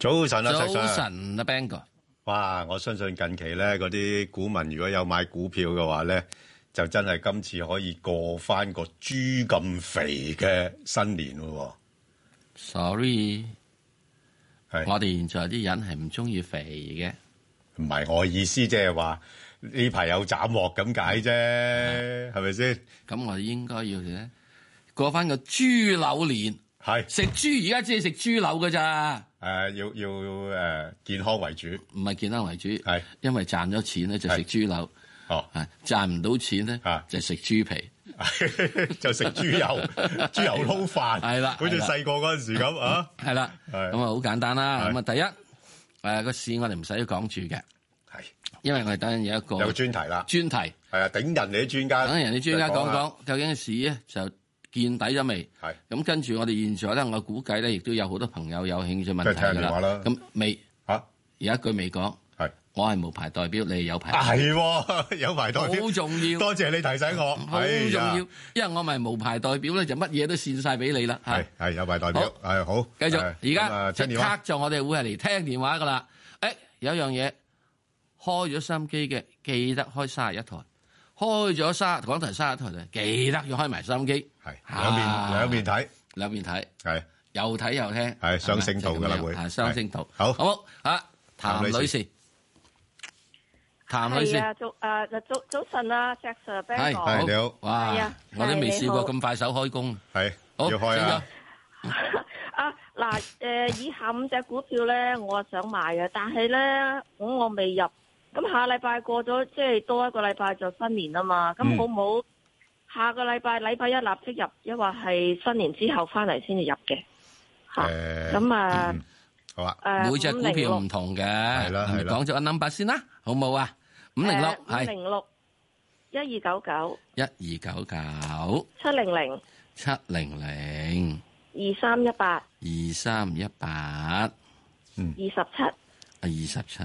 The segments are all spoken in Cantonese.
早晨啦，早晨啊 Bingo！哇，我相信近期咧，嗰啲股民如果有買股票嘅話咧，就真係今次可以過翻個豬咁肥嘅新年咯。Sorry，係我哋現在啲人係唔中意肥嘅，唔係我意思，即係話呢排有斬鑊咁解啫，係咪先？咁我哋應該要咧過翻個豬柳年，係食豬而家只係食豬柳噶咋。誒，要要誒，健康為主，唔係健康為主，係因為賺咗錢咧就食豬柳哦，係賺唔到錢咧就食豬皮， 就食豬豬油，豬 油撈飯，係啦，好似細個嗰陣時咁啊，係啦，咁啊好簡單啦，咁啊第一，誒個市我哋唔使講住嘅，係，因為我哋等陣有一個有專題啦，專題係啊，頂人哋啲專家，等人哋專家講講究竟市咧就。見底咗未？係咁跟住，我哋現場咧，我估計咧，亦都有好多朋友有興趣問題㗎啦。咁未嚇、啊？有一句未講。我係無牌代表，你係有牌代表。係、啊哦，有牌代表好重要。 多謝你提醒我，好 重要、哎，因為我咪無牌代表咧，就乜嘢都扇晒俾你啦。係係有牌代表係好，哎、好。繼續。而家即刻就我哋會係嚟聽電話㗎啦。誒、哎，有一樣嘢開咗收音機嘅，記得開卅一台。開咗沙，講台沙頭，記得要開埋收音機。係，兩面兩面睇，兩面睇。係，又睇又聽。係雙聲道嘅啦，會雙聲道。好好，吓譚女士，譚女士，早誒早早晨啊，Jack sir，你好，哇，我都未試過咁快手開工，係，要開啊。啊嗱，誒，以下五隻股票咧，我啊想買嘅，但係咧，咁我未入。咁下禮拜過咗，即係多一個禮拜就新年啦嘛。咁好唔好？下個禮拜禮拜一立即入，抑或係新年之後翻嚟先至入嘅吓。咁、uh, 啊，好啊。誒，每隻股票唔同嘅，係啦係啦。講咗一 number 先啦，好唔好啊？五零六係。五零六一二九九。一二九九。七零零。七零零。二三一八。二三一八。嗯。二十七。啊，二十七。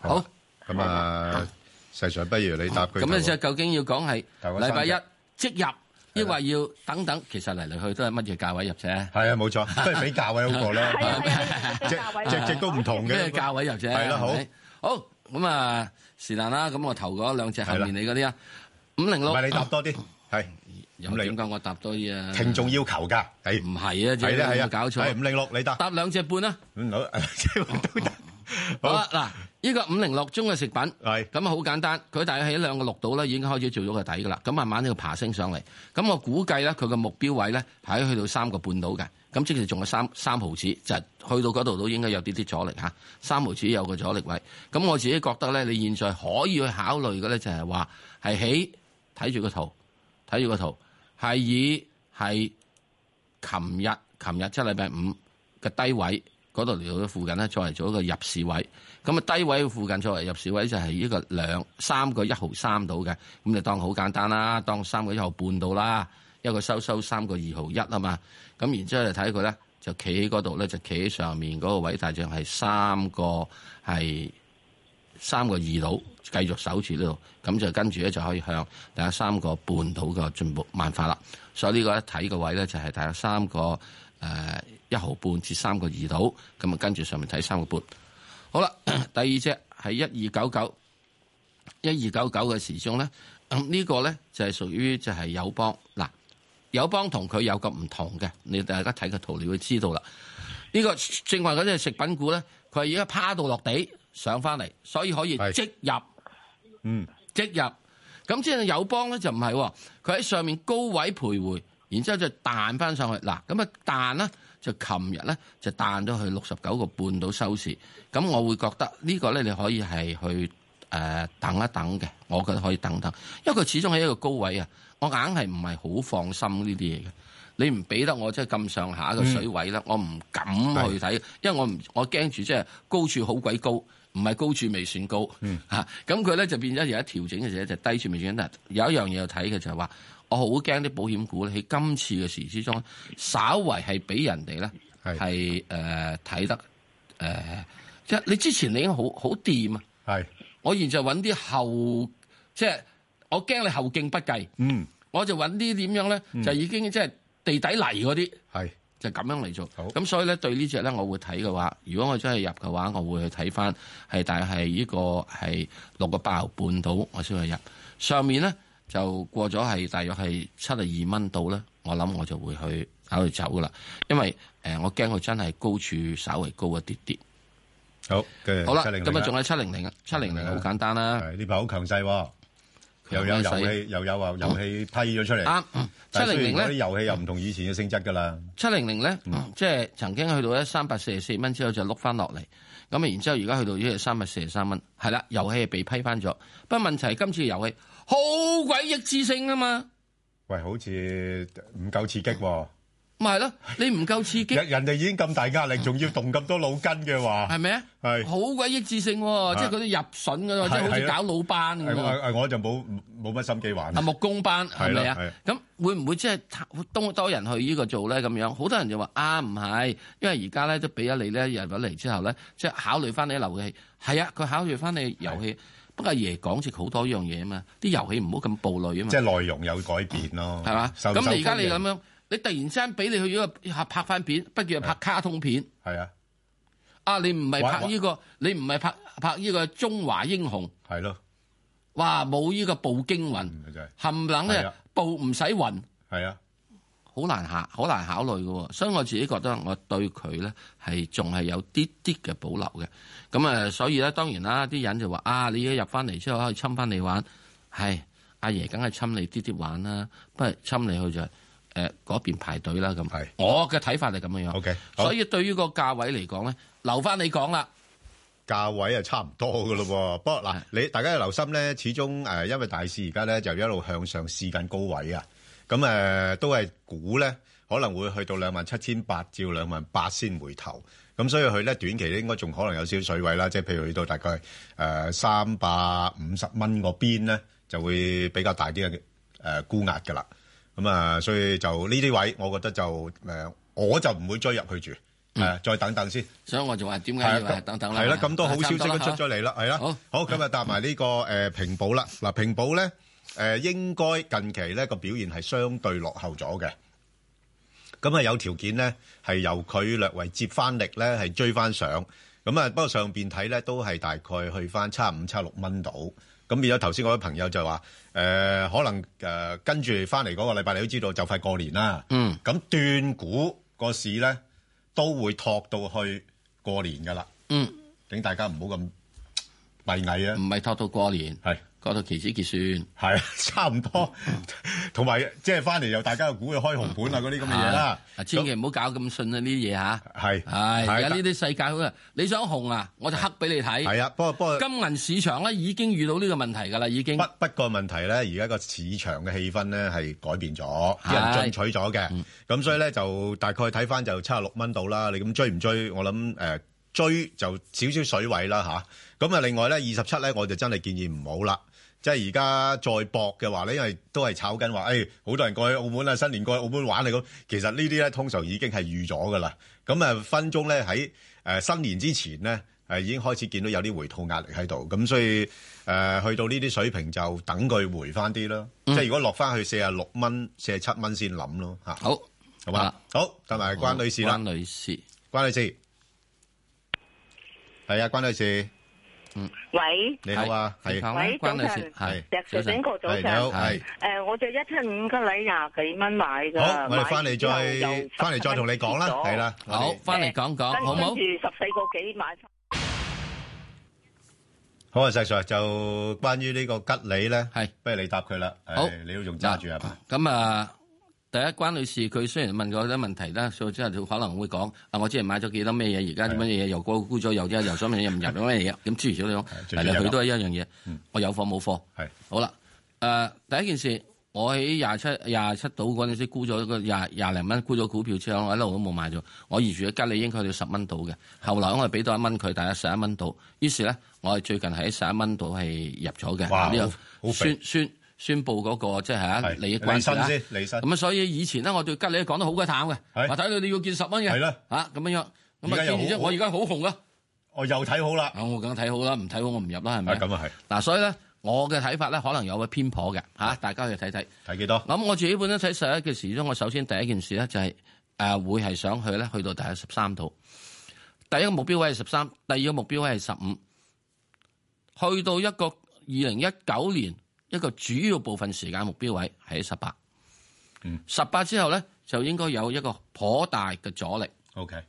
好。506, uh, 506, 咁啊，世上不如你答佢。咁咧，即係究竟要講係禮拜一即入，抑或要等等？其實嚟嚟去去都係乜嘢價位入啫？係啊，冇錯，都係畀價位好過咧。只只都唔同嘅價位入啫。係啦，好好咁啊，是但啦。咁我投嗰兩隻後面你嗰啲啊，五零六。唔係你搭多啲，係有嚟。點解我搭多啲啊？聽眾要求噶，係唔係啊？係啦係啊，搞錯。係五零六，你搭。搭兩隻半啦。嗯，好，即係都搭。好啦，嗱，依、這個五零六中嘅食品，咁啊好簡單，佢大約喺兩個六度啦，已經開始做咗個底噶啦，咁慢慢呢度爬升上嚟，咁我估計咧，佢嘅目標位咧喺去到三個半島嘅，咁即時仲有三三毫子就係、去到嗰度都應該有啲啲阻力吓，三毫子有個阻力位，咁我自己覺得咧，你現在可以去考慮嘅咧就係話係起，睇住個圖，睇住個圖係以係琴日琴日即係禮拜五嘅低位。嗰度嚟到附近咧，作為做一個入市位，咁啊低位嘅附近作為入市位就係一個兩三個一毫三到嘅，咁就當好簡單啦，當三個一毫半到啦，一個收收三個二毫一啊嘛，咁然之後就睇佢咧，就企喺嗰度咧，就企喺上面嗰個位，大約係三個係三個二到，繼續守住呢度，咁就跟住咧就可以向大約三個半到嘅進步慢法啦。所以個呢個一睇個位咧，就係、是、大約三個誒。呃一毫半至三個二度，咁啊，跟住上面睇三個半。好啦，第二隻係一二九九一二九九嘅時鐘咧。咁、嗯這個、呢個咧就係、是、屬於就係友邦嗱。友邦同佢有個唔同嘅，你大家睇個圖，你會知道啦。呢、這個正話嗰隻食品股咧，佢而家趴到落地上翻嚟，所以可以即入嗯即入。咁、嗯、即係友邦咧就唔係、哦，佢喺上面高位徘徊，然之後就彈翻上去嗱。咁啊彈啦！就琴日咧就彈咗去六十九個半度收市，咁我會覺得呢個咧你可以係去誒、呃、等一等嘅，我覺得可以等一等，因為佢始終係一個高位啊，我硬係唔係好放心呢啲嘢嘅，你唔俾得我即係咁上下嘅水位咧、嗯，我唔敢去睇，因為我唔我驚住即係高處好鬼高，唔係高處未算高嚇，咁佢咧就變咗而家調整嘅時候就是、低處未算得，有一樣嘢要睇嘅就係話。我好驚啲保險股咧，喺今次嘅事之中稍微，稍為係俾人哋咧，係誒睇得誒，即係你之前你已經好好掂啊。係，我現在揾啲後，即、就、係、是、我驚你後勁不計嗯，我就揾啲點樣咧，就已經即係地底泥嗰啲。係、嗯，就咁、是、樣嚟做。咁所以咧，對呢隻咧，我會睇嘅話，如果我真係入嘅話，我會去睇翻係，但係呢個係六個八半到，我先去入上面咧。就過咗係，大約係七十二蚊到啦。我諗我就會去考慮走噶啦，因為誒我驚佢真係高處稍微高一啲啲。好，好啦，咁啊仲有七零零啊，七零零好簡單啦。呢排好強勢，又有遊戲又有話遊戲批咗出嚟。啱七零零咧，嗯嗯、呢遊戲又唔同以前嘅性質噶啦。七零零咧，即係曾經去到一三百四十四蚊之後就碌翻落嚟，咁、嗯、啊然之後而家去到一三百四十三蚊，係啦，遊戲係被批翻咗，不過問題係今次遊戲。好鬼益智性啊嘛！喂，好似唔夠刺激喎、哦。咪係咯，你唔夠刺激， 人哋已經咁大壓力，仲要動咁多腦筋嘅話，係咪啊？係好鬼益智性，即係嗰啲入笋㗎啦，即係好似搞老班咁。我就冇冇乜心機玩。係木工班，係咪啊？咁會唔會即係多多人去呢個做咧？咁樣好多人就話啊，唔係，因為而家咧都俾咗你咧入咗嚟之後咧，即係考慮翻你啲遊戲，係啊，佢考慮翻你遊戲。不過，爺講直好多樣嘢啊嘛，啲遊戲唔好咁暴戾啊嘛。即係內容有改變咯，係嘛？咁你而家你咁樣，你突然之間俾你去咗個拍翻片，不如拍卡通片。係啊，啊你唔係拍呢、呢個，你唔係拍拍呢個《中華英雄》。係咯，哇！冇呢個步驚雲，冚唪唥嘅步唔使雲。係啊。好難考，好難考慮嘅，所以我自己覺得我對佢咧係仲係有啲啲嘅保留嘅。咁啊，所以咧當然啦，啲人就話啊，你一入翻嚟之後可以侵翻你玩，係阿爺梗係侵你啲啲玩啦，不過侵你去就誒、是、嗰、呃、邊排隊啦咁。係我嘅睇法係咁嘅樣。O、okay, K，、okay, 所以對於個價位嚟講咧，留翻你講啦。價位啊，差唔多嘅咯喎，不過嗱，你大家要留心咧，始終誒，因為大市而家咧就一路向上試緊高位啊。咁誒、呃、都係估咧，可能會去到兩萬七千八至、兩萬八先回頭。咁所以佢咧短期咧應該仲可能有少少水位啦，即係譬如去到大概誒三百五十蚊嗰邊咧，就會比較大啲嘅誒沽壓㗎啦。咁、呃、啊，所以就呢啲位，我覺得就誒，我就唔會追入去住，誒、嗯呃，再等等先。所以我就話點解等等咧？係啦、啊，咁、啊啊啊、多好消息都出咗嚟啦，係啦，好咁啊，搭埋、嗯這個呃、呢個誒平保啦。嗱，平保咧。誒應該近期咧個表現係相對落後咗嘅，咁啊有條件咧係由佢略為接翻力咧係追翻上，咁啊不過上邊睇咧都係大概去翻七五七六蚊到，咁變咗頭先嗰位朋友就話、呃、可能、呃、跟住翻嚟嗰個禮拜你都知道就快過年啦，嗯，咁斷估個市咧都會托到去過年噶啦，嗯，請大家唔好咁閉翳啊，唔係托到過年，係。嗰期指結算係啊，差唔多，同 埋即係翻嚟又大家又估佢開紅盤 啊，嗰啲咁嘅嘢啦。千祈唔好搞咁順啊，呢啲嘢吓，係係係啊！呢啲世界，好、啊、你想紅啊，我就黑俾你睇。係啊，不過不過金銀市場咧已經遇到呢個問題㗎啦，已經。不不過問題咧，而家個市場嘅氣氛咧係改變咗、啊，人進取咗嘅。咁、嗯、所以咧就大概睇翻就七十六蚊度啦。你咁追唔追？我諗、呃、追就少少水位啦吓，咁啊，另外咧二十七咧，我就真係建議唔好啦。即係而家再博嘅話咧，因為都係炒緊話，誒、哎，好多人過去澳門啊，新年過去澳門玩，嚟咁。其實呢啲咧，通常已經係預咗噶啦。咁啊，分鐘咧喺誒新年之前咧，已經開始見到有啲回吐壓力喺度。咁所以誒、呃，去到呢啲水平就等佢回翻啲咯。即係如果落翻去四十六蚊、四十七蚊先諗咯。吓，好，好嘛，好，同埋關女士啦，關女士，關女士，係啊，關女士。嗯，喂，你好啊，係，喂，早晨，係石 Sir，醒過咗，係，誒，我就一七五吉利廿幾蚊買噶，好，我哋翻嚟再翻嚟再同你講啦，係啦，好，翻嚟講講好唔好？跟住十四個幾買翻，好啊，石 Sir，就關於呢個吉利咧，係，不如你答佢啦，好，你都仲揸住係嘛？咁啊。第一關女士，佢雖然問咗啲多問題啦，所以之後可能會講：啊，我之前買咗幾多咩嘢？而家點樣嘢又高估咗？又即又想咩嘢又唔 入咗咩嘢？咁諸如此類咯。其實 佢都係一樣嘢。 我有貨冇貨。係好啦。誒、呃，第一件事，我喺廿七廿七度嗰陣時沽咗個廿廿零蚊，沽咗股票之後，我一路都冇買咗。我移住嘅吉利應該去到十蚊度嘅。後來我係俾多一蚊佢，大概十一蚊度。於是咧，我係最近喺十一蚊度係入咗嘅。哇！個酸好平。好宣布嗰、那個即係、就是啊、利益關、啊、心先。離咁啊！所以以前咧，我對吉利講得好鬼淡嘅，話睇到你要見十蚊嘅，嚇咁樣樣咁啊！見住我而家好紅啦、啊，我又睇好啦、啊，我梗睇好啦，唔睇好我唔入啦，係咪咁啊係嗱、啊，所以咧，我嘅睇法咧，可能有個偏頗嘅嚇、啊，大家去睇睇睇幾多咁、啊？我自己本身睇十一嘅時鐘，我首先第一件事咧就係、是、誒、呃、會係想去咧，去到第一十三套。第一個目標位係十三，第二個目標位係十五，去到一個二零一九年。一個主要部分時間目標位係喺十八，嗯，十八之後咧就應該有一個頗大嘅阻力。O、okay. K，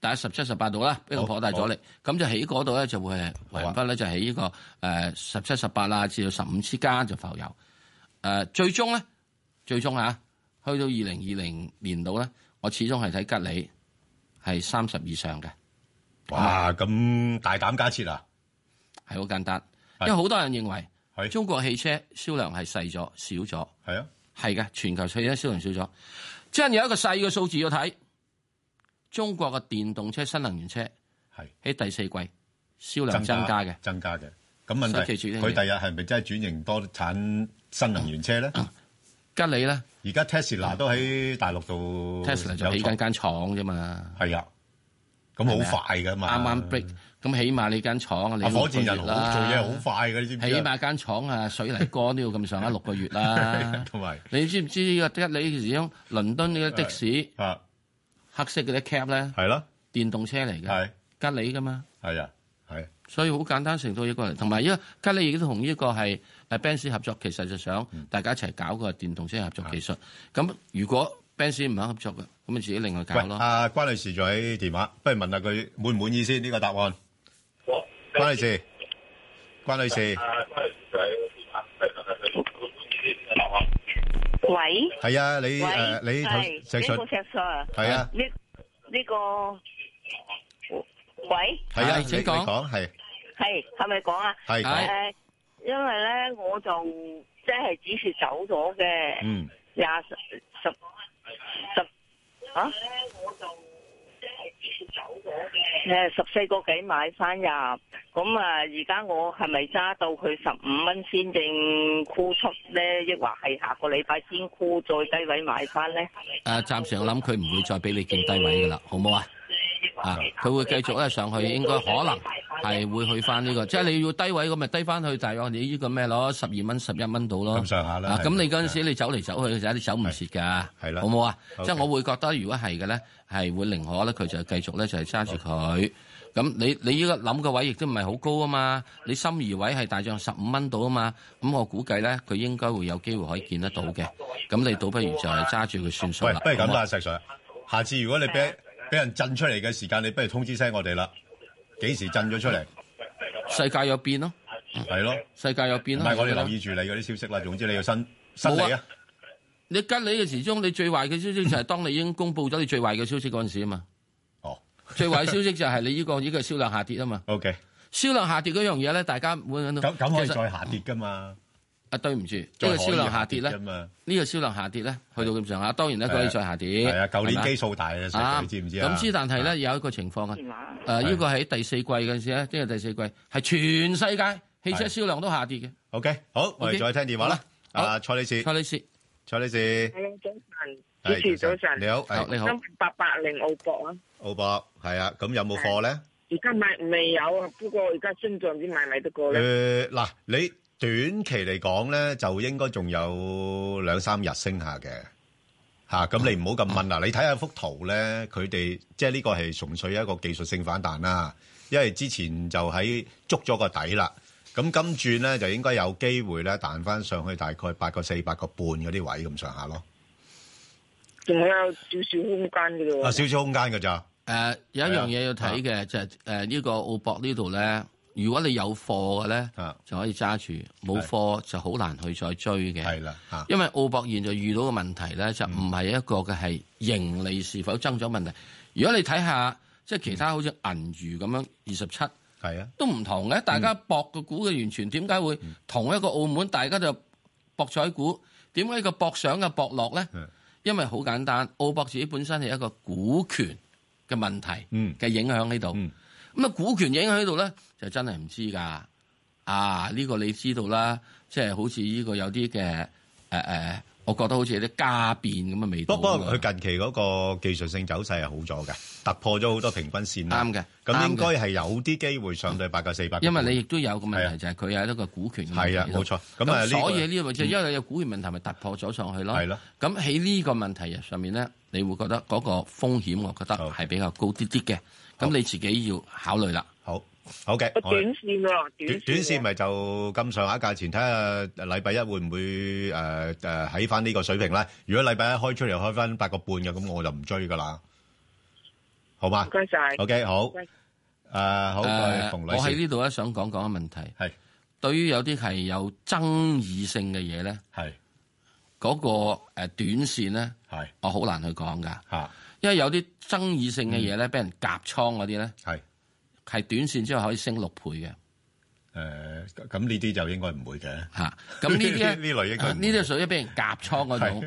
但係十七、十八度啦，一個頗大阻力，咁、oh, oh. 就喺嗰度咧就會橫盤咧，就喺呢個誒十七、十八啦，17，至到十五之間就浮游。誒、呃，最終咧，最終吓、啊、去到二零二零年度咧，我始終係睇吉利係三十以上嘅。哇，咁大膽假設啊！係好簡單，因為好多人認為。係中國汽車銷量係細咗，少咗。係啊，係嘅，全球汽車銷量少咗。即係有一個細嘅數字要睇，中國嘅電動車、新能源車係喺第四季銷量增加嘅，增加嘅。咁問題佢第日係咪真係轉型多產新能源車咧？吉利咧，現在嗯、在間間而家 Tesla 都喺大陸度，Tesla 就起緊間廠啫嘛。係啊，咁好快噶嘛。啱啱 break。咁起碼你間廠，你火箭人好，做嘢好快嘅，你知唔知？起碼間廠啊，水泥乾都要咁上下六個月啦，同、啊、埋你知唔知？吉利其實用倫敦嘅的，的，的士，啊、黑色嗰啲 cap 咧，係咯，電動車嚟嘅，吉利㗎嘛，係啊，所以好簡單程度一個，同埋因為吉利亦都同呢個係，Benz、啊、合作，其實就想大家一齊搞個電動車合作技術。咁如果 Benz 唔肯合作嘅，咁你自己另外搞咯。啊，關女士仲喺電話，不如問下佢滿唔滿意先呢個答案。關女士，關女士，喂，係啊，你誒，你石叔，係啊，呢呢個，喂，係啊，請講，係，係係咪講啊？係係，因為咧我就即係只是走咗嘅，嗯，廿十十十，啊？走咗嘅，誒，十四個幾買翻入，咁啊，而家我係咪揸到佢十五蚊先正沽出咧？抑或係下個禮拜先沽再低位買翻咧？誒，暫時我諗佢唔會再俾你見低位噶啦，好唔好啊？啊！佢會繼續咧上去，應該可能係會去翻呢、呢個，即係你要低位咁咪低翻去大約、啊，你呢個咩咯？十二蚊、十一蚊到咯。咁上下啦。咁你嗰陣時你走嚟走去就一啲守唔住㗎，係啦，好唔好啊？Okay. 即係我會覺得如果係嘅咧，係會寧可咧佢就繼續咧就係揸住佢。咁你你依個諗嘅位亦都唔係好高啊嘛，你心儀位係大約十五蚊到啊嘛，咁我估計咧佢應該會有機會可以見得到嘅。咁你倒不如就係揸住佢算數啦。喂，不如咁啦，細、啊、水，下次如果你俾、okay。俾人震出嚟嘅時間，你不如通知聲我哋啦。幾時震咗出嚟？世界有變咯，係咯。世界有變咯。唔係我哋留意住你嗰啲消息啦。總之你要新新理啊。你跟你嘅時鐘，你最壞嘅消息就係當你已經公布咗你最壞嘅消息嗰陣時啊嘛。哦。 最壞嘅消息就係你呢、這個呢、這個銷量下跌啊嘛。O K。銷量下跌嗰樣嘢咧，大家會諗到。咁咁可以再下跌噶嘛？對唔住，呢、這個銷量下跌咧，呢、這個銷量下跌咧、這個，去到咁上下，當然咧可以再下跌。係啊，舊年基數大你知唔知啊？咁之但係咧有一個情況啊。誒，呢個喺第四季嗰陣時咧，即、這、係、個、第四季，係全世界汽車銷量都下跌嘅。O、okay, K，好，okay? 我哋再聽電話啦。啊，蔡女士，蔡女士，蔡女士。早上。早晨。你好，好。你好。今八八零澳博啊。澳博係啊，咁有冇貨咧？而家賣未有啊？不過而家中獎先買埋得過咧。誒、呃，嗱，你。短期嚟講咧，就應該仲有兩三日升下嘅，吓、啊、咁你唔好咁問啦。你睇下幅圖咧，佢哋即係呢個係純粹一個技術性反彈啦。因為之前就喺捉咗個底啦，咁今轉咧就應該有機會咧彈翻上去大概八個四、八個半嗰啲位咁上下咯。仲有少少空間嘅喎。啊，少少空間嘅咋？誒、啊，有一樣嘢要睇嘅、啊、就係、是、誒呢個澳博呢度咧。如果你有貨嘅咧，就可以揸住；冇貨就好難去再追嘅。係啦，因為澳博現在遇到嘅問題咧，就唔係一個嘅係盈利是否增長問題。如果你睇下，即係其他好似銀娛咁樣二十七，係啊，都唔同嘅。大家博個股嘅完全點解會同一個澳門，大家就博彩股，點解個博上嘅博落咧？因為好簡單，澳博自己本身係一個股權嘅問題嘅影響呢度。咁啊，股權影響喺度咧，就真係唔知噶。啊，呢個你知道啦，即係好似呢個有啲嘅誒誒，我覺得好似有啲加變咁嘅味道。不過佢近期嗰個技術性走勢係好咗嘅，突破咗好多平均線啱嘅，咁應該係有啲機會上對八百四百。因為你亦都有個問題就係佢有一個股權問題。係啊，冇錯。咁啊，所以呢個就因為有股權問題，咪突破咗上去咯。係咯。咁喺呢個問題上面咧，你會覺得嗰個風險，我覺得係比較高啲啲嘅。咁你自己要考慮啦。好，OK。我短線啦，短線短線咪就咁上下價錢，睇下禮拜一會唔會誒誒喺翻呢個水平咧。如果禮拜一開出嚟開翻八個半嘅，咁我就唔追噶啦。好嘛？唔該晒。OK，好。誒，uh, 好，呃、呃、我喺呢度咧想講講嘅問題。係對於有啲係有爭議性嘅嘢咧，係嗰、嗰個誒短線咧，係我好難去講噶吓。因為有啲爭議性嘅嘢咧、嗯、俾人夾倉嗰啲咧是，是短線之後可以升六倍嘅誒咁呢啲就應該唔會嘅嚇，咁呢啲呢類型，呢啲屬於俾人夾倉嗰種，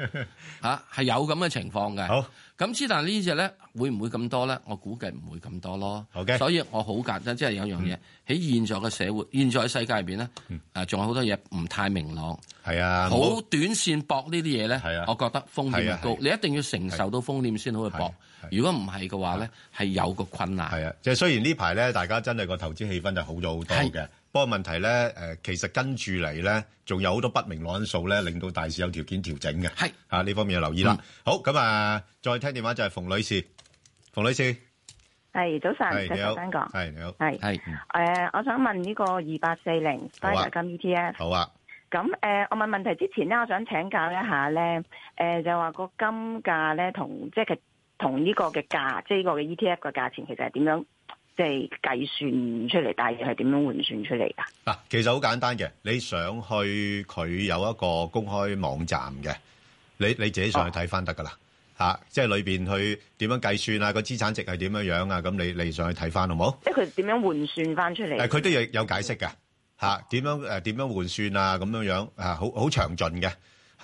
嚇，係對有咁嘅情況嘅。好咁之但呢隻咧會唔會咁多咧？我估計唔會咁多咯、okay。所以我好簡單，即、就、係、是、有樣嘢喺現在嘅社會、現在嘅世界入邊咧，啊、嗯，仲有好多嘢唔太明朗。係啊，好短線博呢啲嘢咧，我覺得風險高、啊，你一定要承受到風險先好去博。如果唔係嘅話咧，係、啊、有個困難。係啊，即係雖然呢排咧，大家真係個投資氣氛就好咗好多嘅。不過問題咧，誒，其實跟住嚟咧，仲有好多不明朗因素咧，令到大市有條件調整嘅。係吓呢方面要留意啦、嗯。好，咁啊，再聽電話就係馮女士。馮女士，係早晨，你好，香港，係你好，係係誒，uh, 我想問呢個二八四零 SPDR 金 ETF。好啊。咁誒、呃，我問問題之前咧，我想請教一下咧，誒、呃，就話個金價咧，同即係、就是、同呢個嘅價，即係呢個嘅 ETF 嘅價錢，其實係點樣？即、就、係、是、計算出嚟，大概係點樣換算出嚟噶？嗱、啊，其實好簡單嘅，你上去佢有一個公開網站嘅，你你自己上去睇翻得噶啦，嚇、哦啊！即係裏邊去點樣計算啊？那個資產值係點樣樣啊？咁你你上去睇翻好冇？即係佢點樣換算翻出嚟？誒、啊，佢都有有解釋嘅嚇，點、啊、樣誒點、啊、樣換算啊？咁樣樣啊，好好詳盡嘅嚇、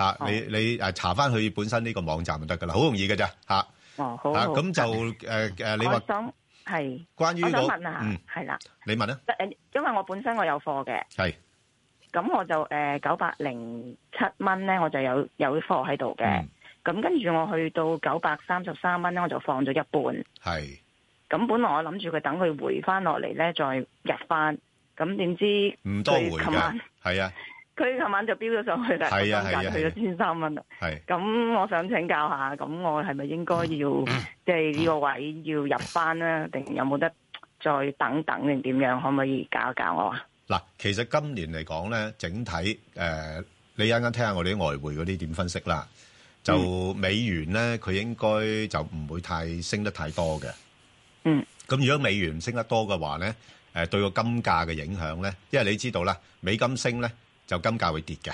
啊哦。你你誒查翻佢本身呢個網站就得噶啦，好容易噶咋。嚇、啊。哦，好咁、啊啊、就誒誒、啊，你話。係，關於、這個、我想問下，係、嗯、啦，你問啦。誒，因為我本身我有貨嘅，係。咁我就誒九百零七蚊咧，我就有有貨喺度嘅。咁、嗯、跟住我去到九百三十三蚊咧，我就放咗一半。係。咁本來我諗住佢等佢回翻落嚟咧，再入翻。咁點知唔多回噶。係啊。佢琴晚就飚咗上去啦，個金價去咗千三蚊啦。咁我想請教下，咁我係咪應該要即係呢個位要入翻咧？定有冇得再等等，定點樣？可唔可以搞一搞我啊？嗱，其實今年嚟講咧，整體誒，你一陣間聽下我哋啲外匯嗰啲點分析啦。就美元咧，佢應該就唔會太升得太多嘅。嗯，咁如果美元升得多嘅話咧，誒對個金價嘅影響咧，因為你知道啦，美金升咧。有金價會跌嘅，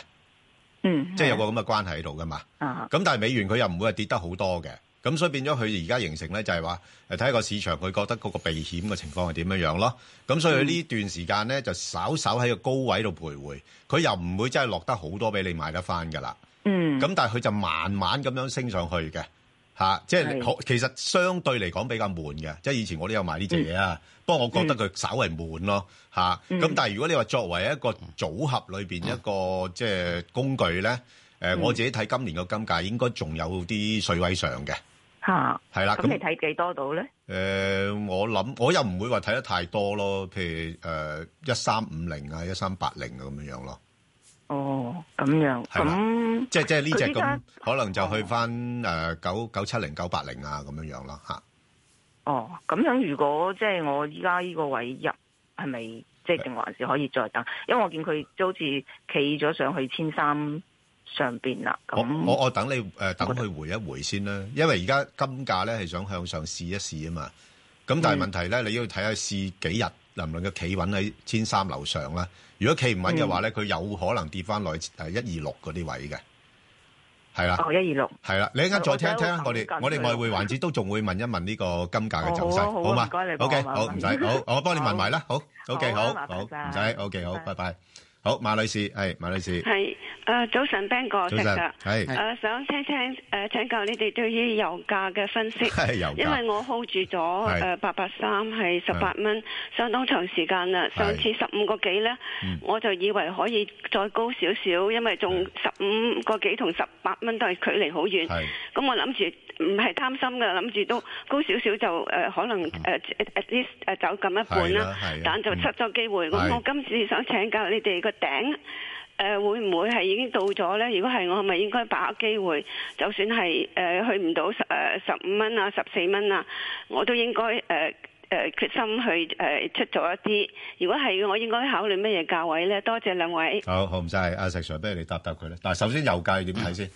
嗯，即係有個咁嘅關係喺度噶嘛，啊、嗯，咁但係美元佢又唔會係跌得好多嘅，咁所以變咗佢而家形成咧就係話，誒睇個市場佢覺得嗰個避險嘅情況係點樣樣咯，咁所以佢呢段時間咧就稍稍喺個高位度徘徊，佢又唔會真係落得好多俾你買得翻噶啦，嗯，咁但係佢就慢慢咁樣升上去嘅。吓，即係可其實相對嚟講比較悶嘅，即係以前我都有買呢隻嘢啊。不過我覺得佢稍為悶咯，吓、嗯。咁但係如果你話作為一個組合裏邊一個即係工具咧，誒、嗯，我自己睇今年嘅金價應該仲有啲水位上嘅吓。係、啊、啦，咁、嗯、你睇幾多度咧？誒、呃，我諗我又唔會話睇得太多咯。譬如誒，一三五零啊，一三八零啊咁樣樣咯。哦，咁樣，咁即係即係呢隻咁，可能就去翻誒九九七零九八零啊，咁樣樣咯，吓。哦、咁、呃啊樣，哦、樣如果即係我依家依個位置入，係咪即係定還是可以再等？因為我見佢都好似企咗上去千三上邊啦。我我我等你誒、呃，等佢回一回先啦。因為而家金價咧係想向上試一試啊嘛。咁但係問題咧、嗯，你要睇下試幾日能唔能夠企穩喺千三樓上啦。如果企唔穩嘅話咧，佢有可能跌翻來誒一二六嗰啲位嘅，係啦，哦一二六，係啦，你一陣間再聽聽我哋，我哋外匯環節都仲會問一問呢個金價嘅走勢，好嘛？唔該你，OK，好唔使，好我幫你問埋啦，好，OK，好唔使，OK，好，拜拜。好，馬女士係馬女士係，誒、呃、早晨，Ben 哥，早晨，係，誒、呃、想聽聽誒、呃，請教你哋對於油價嘅分析，係油價，因為我 hold 住咗誒八八三係十八蚊，相當長時間啦，上次十五個幾咧，我就以為可以再高少少、嗯，因為仲十五個幾同十八蚊都係距離好遠，咁我諗住唔係擔心嘅，諗住都高少少就誒、呃、可能誒誒誒走近一半啦、啊啊，但就失咗機會，咁、嗯、我今次想請教你哋。頂，誒會唔會係已經到咗呢？如果係，我係咪應該把握機會？就算係誒去唔到十、誒十五蚊啊、十四蚊啊，我都應該誒誒決心去誒出咗一啲。如果係，我應該考慮咩價位呢？多謝兩位。好，好，唔該，阿石 Sir，不如你答答佢咧。嗱，首先油價點睇先？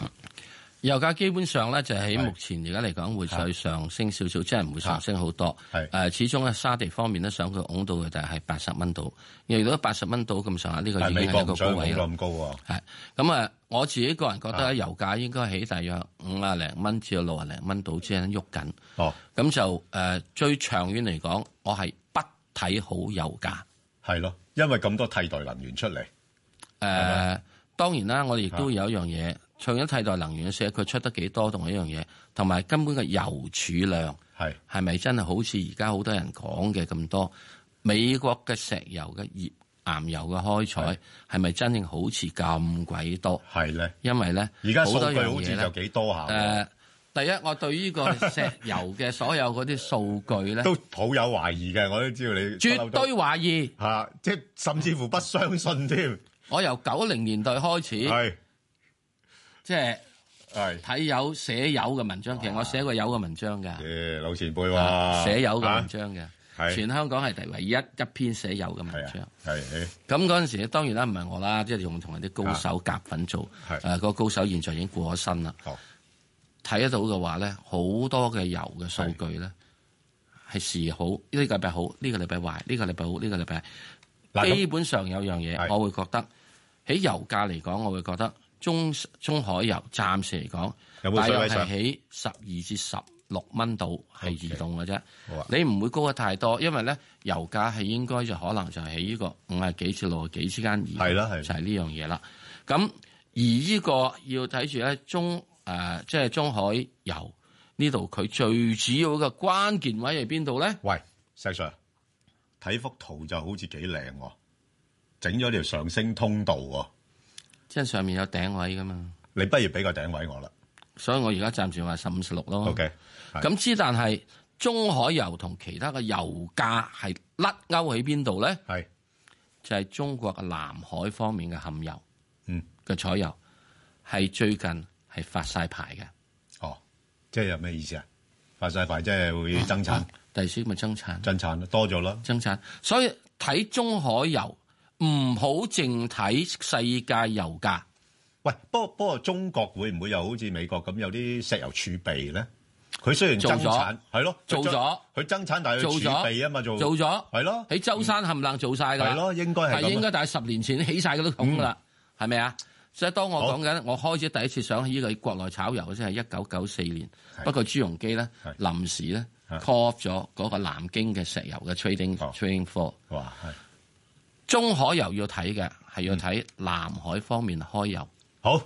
油價基本上咧就喺目前而家嚟講會再上升少少，即係唔會上升好多。誒，始終咧沙地方面咧想佢拱到嘅就係八十蚊度，如果八十蚊度咁上下呢個已經係一個高位啦。係美國冇咁高喎。係咁啊，我自己個人覺得油價應該喺大約五啊零蚊至到六啊零蚊度之間喐緊。哦，咁就誒、呃、最長遠嚟講，我係不睇好油價。係咯，因為咁多替代能源出嚟。誒、呃，當然啦，我哋亦都有一樣嘢。除咗替代能源嘅社，佢出得幾多同一樣嘢？同埋根本嘅油儲量係係咪真係好似而家好多人講嘅咁多？美國嘅石油嘅頁岩油嘅開採係咪真正好似咁鬼多？係咧，因為咧，而家數據好似有幾多下？誒，第一，我對呢個石油嘅所有嗰啲數據咧， 都好有懷疑嘅，我都知道你剛剛絕對懷疑嚇、啊，即係甚至乎不相信添。我由九零年代開始係。 即係睇有寫油嘅文章，其實我寫過油嘅文章㗎、啊。老前輩話、啊、寫油嘅文章嘅、啊，全香港係第一位一,一篇寫油嘅文章。係咁嗰陣時當然啦，唔係我啦，即係用同啲高手夾粉做。係、啊啊那個高手現在已經過咗身啦。睇、哦、得到嘅話咧，好多嘅油嘅數據咧係時好呢、呢個禮拜好，呢、呢個禮拜壞，呢、呢個禮拜好，呢、呢個禮拜好。基本上有樣嘢，我會覺得喺油價嚟講，我會覺得。中中海油暫時嚟講，大概係喺十二至十六蚊度係移動嘅啫。你唔會高得太多，因為咧油價係應該就可能就係喺呢個五啊幾至六啊幾之間移動。係啦係，就係呢樣嘢啦。咁而呢個要睇住咧，中誒即係中海油呢度佢最主要嘅關鍵位係邊度咧？喂，細 Sir，睇幅圖就好似幾靚喎，整咗條上升通道喎、哦。即係上面有頂位噶嘛？你不如俾個頂位我啦。所以我而家暫時話十五十六咯。OK，咁之但係中海油同其他嘅油價係甩勾喺邊度咧？係就係、是、中國嘅南海方面嘅含油，嗯嘅採油係最近係發晒牌嘅。哦，即係有咩意思啊？發晒牌即係會增產，啊啊、第四咪增產，增產多咗咯。增產，所以睇中海油。唔好淨睇世界油價。喂，不過不過中國會唔會又好似美國咁有啲石油儲備咧？佢雖然增產，係咯，做咗佢增，增產，但係做儲備啊嘛，做做咗，係咯，喺舟山冚冷做晒噶啦，係、嗯、咯，應該係應該但係十年前起晒嗰啲桶啦，係咪啊？所以當我講緊，我開始第一次想呢個國內炒油即係一九九四年。不過朱鎔基咧，臨時咧 call 咗嗰個南京嘅石油嘅 trading、哦、trading floor。哇中海油要睇嘅係要睇南海方面開油。好，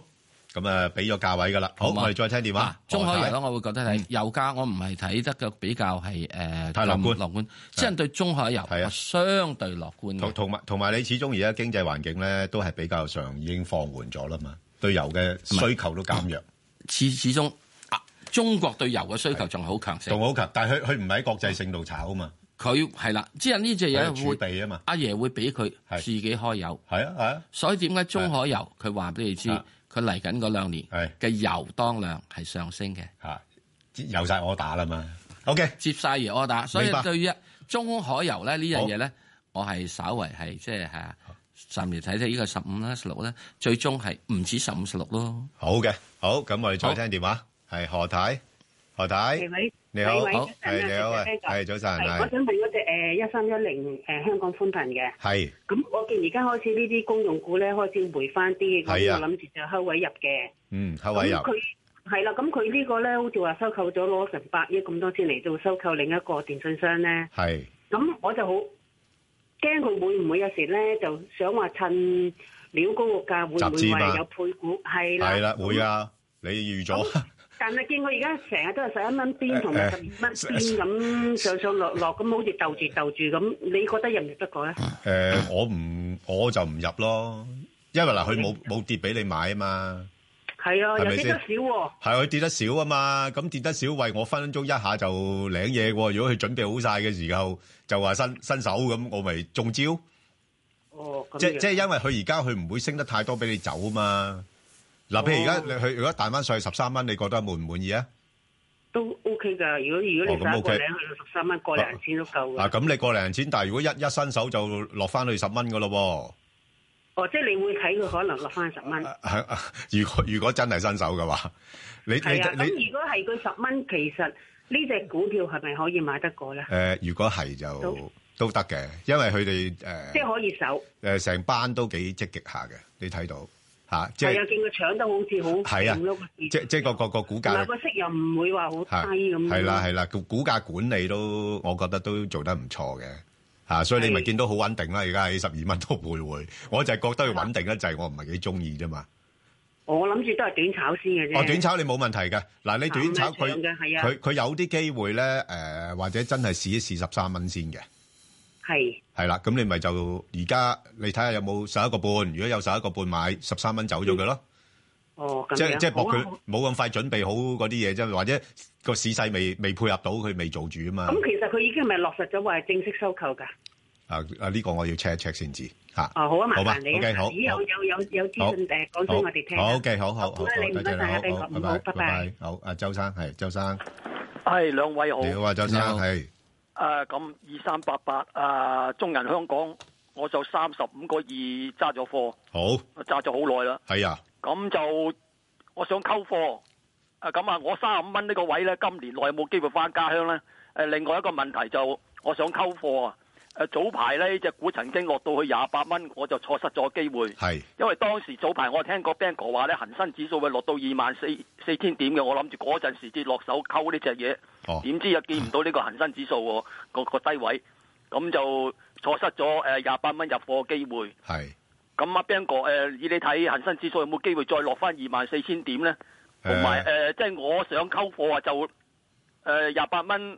咁啊，俾咗價位噶啦。好，好、嗯、我哋再聽電話、啊。中海油咧，我會覺得係、嗯、油價，我唔係睇得個比較係誒太樂觀。即係、就是、對中海油係、啊、相對樂觀。同埋同埋，你始終而家經濟環境咧都係比較上已經放緩咗啦嘛，對油嘅需求都減弱。嗯、始始終、啊，中國對油嘅需求仲係好強仲好強。但係佢佢唔係喺國際性度炒啊嘛。嗯佢係啦，即係呢隻嘢會備啊嘛，阿爺，爺會俾佢自己開油，係啊，所以點解中海油佢話俾你知，佢嚟緊嗰兩年嘅油當量係上升嘅。嚇接油晒我打啦嘛，OK，接晒而我打，所以對於中海油咧呢樣嘢咧，我係稍為係即係嚇暫時睇睇呢個十五啦，十六啦，最終係唔止十五十六咯。好嘅，好咁我哋再聽電話，係何太。何太。何太你好，你好，係早晨，哦，就是這個，我想問嗰隻誒一三一零誒香港寬頻嘅，係。咁我見而家開始呢啲公用股咧，開始回翻啲，咁、啊、我諗住就睺位入嘅。嗯，睺位入。佢係啦，咁佢呢個咧，好似話收購咗攞成百億咁多錢嚟做收購另一個電信商咧。係。咁我就好驚佢會唔會有時咧，就想話趁料高個價，會唔會話有配股？係啦，係啦，啊啊，會啊，你預咗。嗯 但係見我而家成日都係十一蚊邊同埋十二蚊邊咁上上落落咁，好似鬥住鬥住咁，你覺得入唔入得過咧？誒，我唔我就唔入咯，因為嗱，佢冇冇跌俾你買啊嘛。係啊，有幾多少喎？係佢跌得少啊嘛，咁跌得少，喂我分分鐘一下就領嘢喎。如果佢準備好曬嘅時候，就話伸伸手咁，我咪中招。哦，即即係因為佢而家佢唔會升得太多俾你走啊嘛。嗱，譬如而家你去，如果彈翻上去十三蚊，你覺得滿唔滿意啊？都 OK 噶，如果如果你三個零去到十三蚊，oh, okay. 個零錢都夠嘅。嗱、啊，咁、啊、你個零錢，但係如果一一伸手就落翻去十蚊噶咯？哦、oh，即係你會睇佢可能落翻十蚊。如果如果真係新手嘅話，你睇、啊，你，你如果係佢十蚊，其實呢隻、這個、股票係咪可以買得過咧？誒、呃，如果係就都得嘅，因為佢哋誒，即係可以手誒，成、呃、班都幾積極下嘅，你睇到。吓，即係係啊！見佢搶得好似好勁咯，即即個個個股價，個息又唔會話好低咁。係啦係啦，個股價管理都，我覺得都做得唔錯嘅。嚇，所以你咪見到好穩定啦。而家喺十二蚊都徘徊，我就係覺得佢穩定得滯，我唔係幾中意啫嘛。我諗住都係短炒先嘅啫。哦，短炒你冇問題嘅。嗱，你短炒佢，佢佢有啲機會咧。誒，或者真係試一試十三蚊先嘅。係，係啦，咁你咪就而家你睇下有冇十一個半，如果有十一個半買十三蚊走咗佢咯。哦，即係即係佢，冇咁快準備好嗰啲嘢啫，或者個市勢未未配合到，佢未做住啊嘛。咁其實佢已經係咪落實咗話係正式收購㗎？啊啊，呢個我要 check 一 check 先知吓。哦，好啊，麻煩你。O K，好。有有有有資訊，誒，講俾我哋聽。O K，好好好。好，唔該你，唔該大家，大家好，拜拜。好，阿周生，係周生。係兩位好。你好啊，周生，係。誒、啊，咁二三八八，誒，中銀香港，我就三十五個二揸咗貨，好，揸咗好耐啦，係啊，咁就我想溝貨，誒，咁啊，我三十五蚊呢個位呢，今年內有冇機會翻家鄉呢？誒、啊，另外一個問題就我想溝貨。誒、啊、早排呢隻股曾經落到去廿八蚊，我就錯失咗機會。係，因為當時早排我聽過 Ben 哥話咧恒生指數會落到二萬四四千點嘅，我諗住嗰陣時至落手溝呢隻嘢。哦，點知又見唔到呢個恒生指數個低位，咁 就錯失咗誒廿八蚊入貨嘅機會。係。咁啊 Ben 哥誒，以你睇恒生指數有冇機會再落翻二萬四千點咧？同埋誒，即係、呃就是、我想溝貨就誒廿八蚊。呃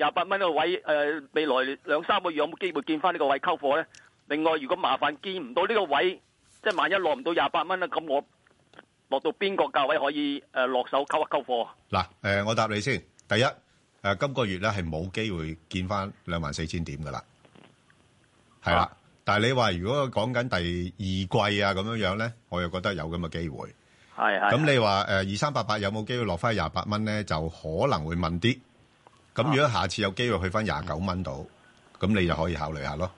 廿八蚊呢個位，誒，未來兩三個月有冇機會見翻呢個位溝貨咧？另外，如果麻煩見唔到呢個位，即係萬一落唔到廿八蚊啦，咁我落到邊個價位可以誒落手溝一溝貨？嗱，誒，我答你先，第一，誒，今個月咧係冇機會見翻兩萬四千點噶啦，係啦。但係你話如果講緊第二季啊咁樣樣咧，我又覺得有咁嘅機會。係係。咁你話誒二三八八有冇機會落翻廿八蚊咧？就可能會問啲。咁如果下次有機會去翻廿九蚊度，咁你就可以考慮下咯。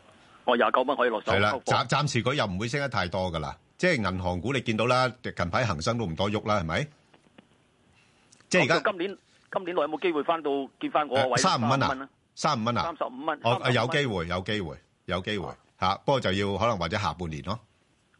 哦，廿九蚊可以落手。係啦，暫暫時佢又唔會升得太多噶啦。即係銀行股，你見到啦，近排恒生都唔多喐啦，係咪？即係而家。今年今年內有冇機會翻到見翻我位？三五蚊啊！三五蚊啊！三十五蚊。哦，有機會，有機會，有機會嚇。不過就要可能或者下半年咯。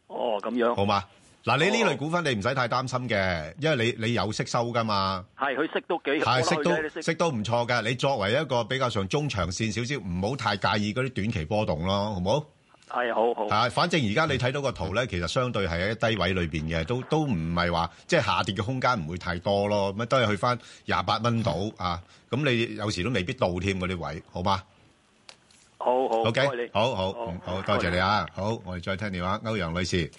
哦，咁樣。好嘛。嗱，你呢類股份你唔使太擔心嘅，因為你你有息收噶嘛。係，佢息都幾係息都息都唔錯嘅。你作為一個比較上中長線少少，唔好太介意嗰啲短期波動咯，好唔好？係，好好。係，反正而家你睇到個圖咧，其實相對係喺低位裏邊嘅，都都唔係話即係下跌嘅空間唔會太多咯。咁都係去翻廿八蚊度啊。咁你有時都未必到添嗰啲位，好嗎？好好，O K，好好，好多謝你啊。好，我哋再聽電話，歐陽女士。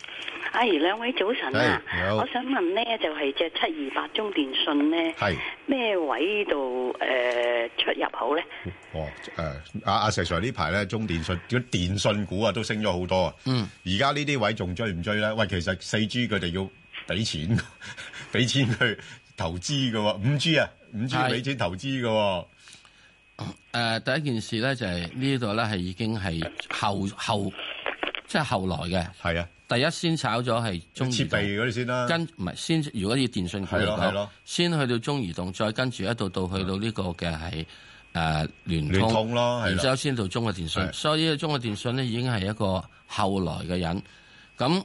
哎，兩位早晨啊！Hey, 我想問咧，就係隻七二八中電信咧，咩、hey. 位度誒出入好咧？哦，誒阿阿石 Sir 呢排咧，中電信如果電信股啊都升咗好多啊！而、嗯、家呢啲位仲追唔追咧？喂，其實四 G 佢哋要俾錢，俾錢去投資嘅喎。五 G 啊，五 G 俾錢投資嘅喎、呃。第一件事咧就係呢度咧係已經係後後，即係後來嘅。係啊。第一先炒咗係中設備嗰啲先啦，跟唔係先？如果要電信股嚟講，先去到中移動，再跟住一度到去到呢個嘅係誒聯通，聯通咯，係然之後先到中國電信。所以個中國電信咧已經係一個後來嘅人。咁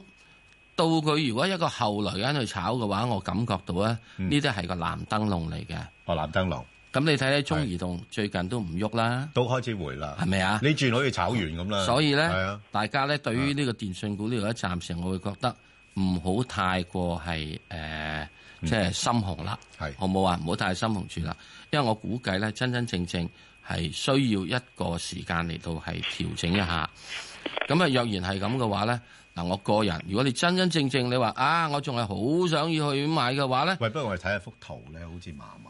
到佢如果一個後來嘅人去炒嘅話，我感覺到咧呢啲係個藍燈籠嚟嘅，哦，藍燈籠。咁你睇咧，中移動最近都唔喐啦，都開始回啦，係咪啊？你轉可以炒完咁啦，所以咧，啊，大家咧對於呢個電信股呢度咧，暫時我會覺得唔好太過係誒即係心雄啦，係好唔好啊！唔好太心雄住啦，因為我估計咧，真真正正係需要一個時間嚟到係調整一下。咁啊，若然係咁嘅話咧，嗱，我個人如果你真真正正你話啊，我仲係好想要去買嘅話咧，喂，不過我哋睇下幅圖咧，好似麻麻。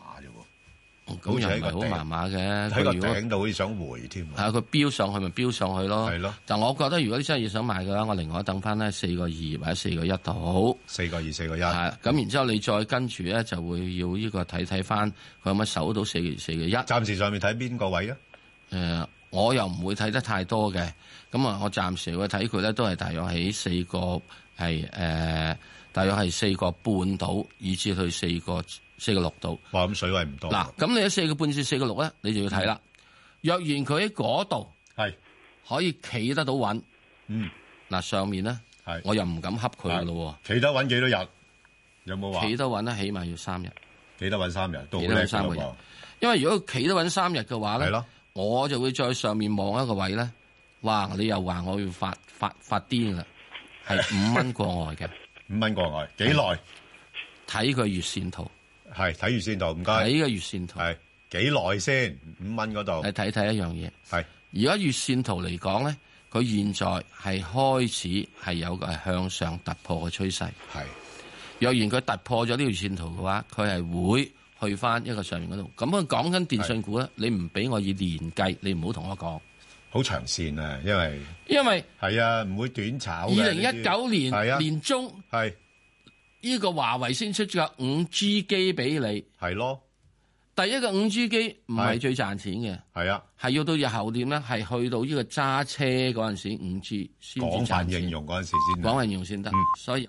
咁又唔係好麻麻嘅，喺個頂度好似想回添。係啊，佢飚上去咪飚上去咯。係咯。但係我覺得，如果你真係要想買嘅話，我寧願等翻咧四個二或者四個一度好。四個二，四個一。係。咁然之後你再跟住咧，就會要呢個睇睇翻佢有冇守到四四個一。暫時上面睇邊個位啊？誒、呃，我又唔會睇得太多嘅。咁啊，我暫時會睇佢咧，都係大約喺四個係誒、呃，大約係四個半度，以至去四個。四個六度，哇！咁水位唔多。嗱，咁你喺四個半至四個六咧，你就要睇啦。若然佢喺嗰度係可以企得到穩，嗯，嗱上面咧，係我又唔敢恰佢噶咯喎。企得穩幾多日？有冇話？企得穩咧，起碼要三日。企得，得穩三日，企得穩三個日。因為如果企得穩三日嘅話咧，係咯，我就會再上面望一個位咧。哇！你又話我要發發發癲啦，係五蚊過外嘅。 五蚊過外，幾耐？睇佢月線圖。係睇月線圖，唔該睇個月線圖係幾耐先？五蚊嗰度係睇睇一樣嘢。係而家月線圖嚟講咧，佢現在係開始係有個係向上突破嘅趨勢。係若然佢突破咗呢條線圖嘅話，佢係會去返一個上面嗰度。咁講緊電信股咧，你唔俾我以年計，你唔好同我講好長線啊，因為因為係啊，唔會短炒。二零一九年年中係。呢、這個華為先出咗五 G 機俾你，係咯。第一個五 G 機唔係最賺錢嘅，係啊，係要到日後點咧，係去到呢個揸車嗰陣時，五 G 先廣泛應用嗰陣時先，廣泛應用先得，嗯。所以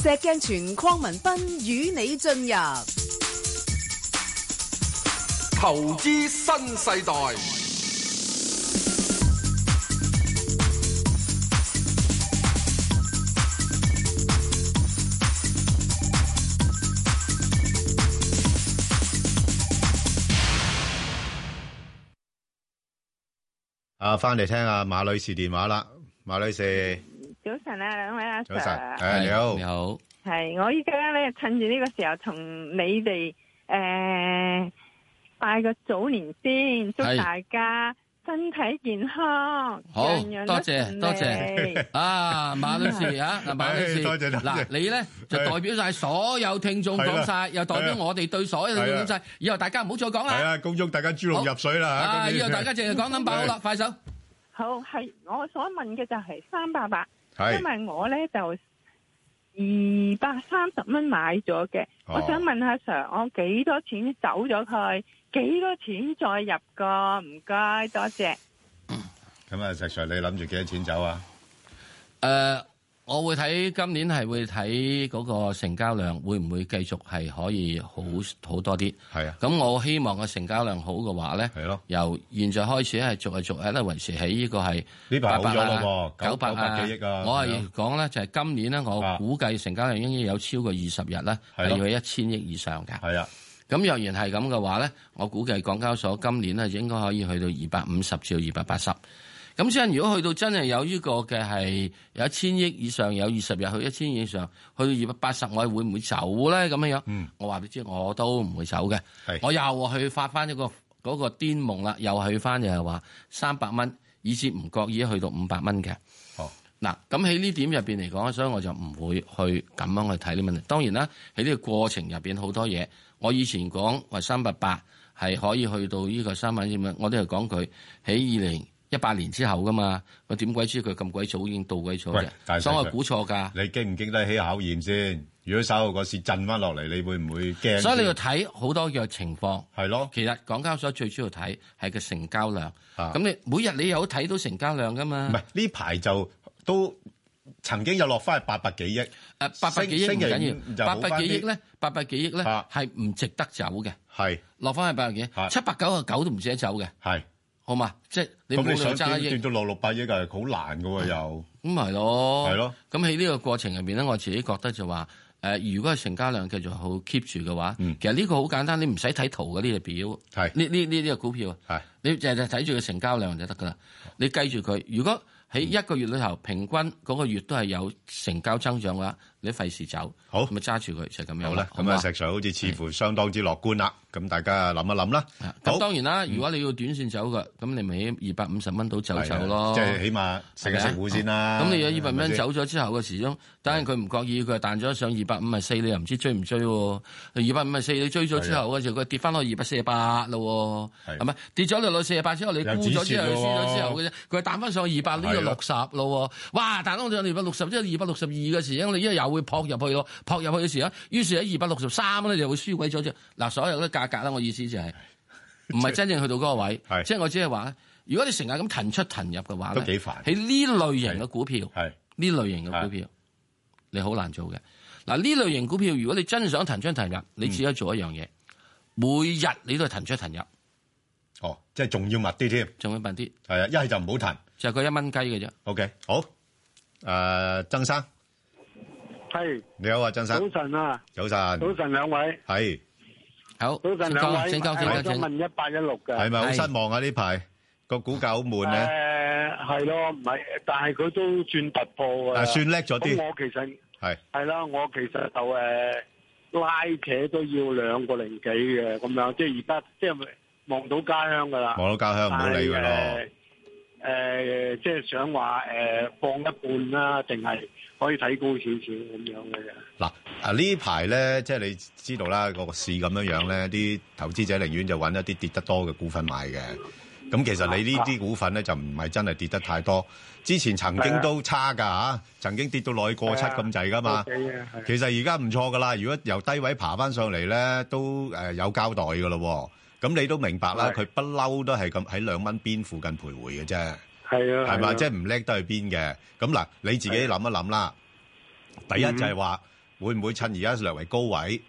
石鏡泉匡文斌與你進入投資新世代。翻嚟聽下馬女士電話啦，馬女士，早晨啊兩位阿 Sir，係你好你好，係我依家咧趁住呢個時候同你哋誒、呃、拜個早年先，祝大家。身體健康，好，多謝多謝啊，馬女士啊，嗱，馬女士，嗱，你咧就代表晒所有聽眾講晒，又代表我哋對所有聽眾講晒，以後大家唔好再講啦。係啊，恭祝大家豬籠入水啦吓！啊，以後大家淨係講 number 好啦，快手。好係，我所問嘅就係三百八，因為我咧就二百三十蚊買咗嘅，我想問下 Sir，我幾多錢走咗佢？幾多錢再入㗎？唔該，多謝。咁啊，石 Sir，你諗住幾多錢走啊？誒，我會睇今年係會睇嗰個成交量會唔會繼續係可以好好、嗯、多啲？係啊。咁我希望個成交量好嘅話咧，係咯、啊。由現在開始咧，係逐日逐日咧維持喺呢個係。呢排好咗咯，九百幾億啊！我係講咧就係今年咧，我估計成交量已經有超過二十日咧，係、啊、要係一千億以上噶。係啊。咁若然係咁嘅話咧，我估計港交所今年咧應該可以去到二百五十至二百八十。咁先係如果去到真係有呢個嘅係有一千億以上，有二十日去一千億以上，去到二百八十，我係會唔會走咧？咁樣樣，嗯、我話俾你知，我都唔會走嘅。我又去發翻一個嗰、嗰個癲夢啦，又去翻又係話三百蚊，以至唔覺意去到五百蚊嘅。哦，嗱，咁喺呢點入邊嚟講，所以我就唔會去咁樣去睇呢問題。當然啦，喺呢個過程入邊好多嘢。我以前講話三百八係可以去到呢個三百點蚊，我都係講佢喺二零一八年之後噶嘛。我點鬼知佢咁鬼早已經倒鬼咗嘅？所以我估錯㗎。你經唔經得起考驗先？如果稍後個市震翻落嚟，你會唔會驚？所以你要睇好多嘅情況。係咯，其實港交所最主要睇係個成交量。咁你每日你有睇到成交量㗎嘛？唔係呢排就都。曾經又落翻去八百幾億，誒八百幾億唔緊要，八百幾億咧，八百幾億咧係唔值得走嘅，係落翻去八百幾億，七百九啊九都唔捨得走嘅，係好嘛？即係你冇到爭一億，變到六六百億㗎、啊，好難嘅喎又。咁咪係咯，係咯。咁喺呢個過程入邊咧，我自己覺得就話誒、呃，如果係成交量繼續好 keep 住嘅話、嗯，其實呢個好簡單，你唔使睇圖嘅呢隻表，係呢呢呢呢個股票，係你就就睇住個成交量就得㗎啦。你計住佢，如果喺一個月裏頭，平均嗰個月都係有成交增長㗎。你費事走，好咪揸住佢就係咁、就是、樣。好啦，咁啊石 s 好似似乎相當之樂觀啦。咁大家諗一諗啦。咁當然啦，如果你要短線走嘅，咁、嗯、你咪二百五十蚊到就走，走咯。即係、就是、起碼成個成股先啦。咁、嗯嗯、你有二百蚊走咗之後嘅時鐘，當然佢唔覺意，佢又彈咗上二百五十四，你又唔知追唔追、哦？二百五十四你追咗之後嘅時，佢跌翻落二百四十八啦。係，係咪跌咗落落四十八之後，你估咗之後，沽咗之後嘅啫，佢、啊、彈翻上二百呢個六十啦。哇！彈到上二百六十，即係二百六十二嘅時鐘，你依家有。會撲入去咯，撲入去嘅時候，於是喺二百六十三咧就會輸鬼咗啫。嗱，所有嘅價格啦，我意思就係唔係真正去到嗰個位，即、就、係、是就是、我只係話，如果你成日咁騰出騰入嘅話，都幾煩。喺呢類型嘅股票，呢類型嘅股票你好難做嘅。嗱呢類型股票，如果你真想騰出騰入，你只可做一樣嘢、嗯，每日你都係騰出騰入。哦，即係仲要密啲添，仲要密啲。係啊，一係就唔好騰。就佢、是、一蚊雞嘅啫。O、okay, K，好，誒、呃，曾生。係你好啊，鄭生。早晨啊，早晨。早晨兩位。係好。早晨兩位，係我想問一八一六嘅。係咪好失望啊？呢排個股價好悶咧。誒，係咯，唔係，但係佢都算突破嘅。算叻咗啲。咁我其實係。係啦，我其實就誒拉扯都要兩個零幾嘅，咁樣即係而家即係望到家鄉噶啦。望到家鄉唔好理佢咯。誒，即係想話誒放一半啦，定係？可以睇高少少咁樣嘅。嗱啊呢排咧，即係你知道啦，個市咁樣樣咧，啲投資者寧願就搵一啲跌得多嘅股份買嘅。咁其實你呢啲股份咧，就唔係真係跌得太多。之前曾經都差㗎嚇，曾經跌到內過七咁滯噶嘛。係啊，係。其實而家唔錯㗎啦，如果由低位爬翻上嚟咧，都誒有交代㗎咯。咁你都明白啦，佢不嬲都係咁喺兩蚊邊附近徘徊嘅啫。係啊，係嘛，即係唔叻都去邊嘅。咁嗱，你自己諗一諗啦。第一就係話、嗯、會唔會趁而家略為高位,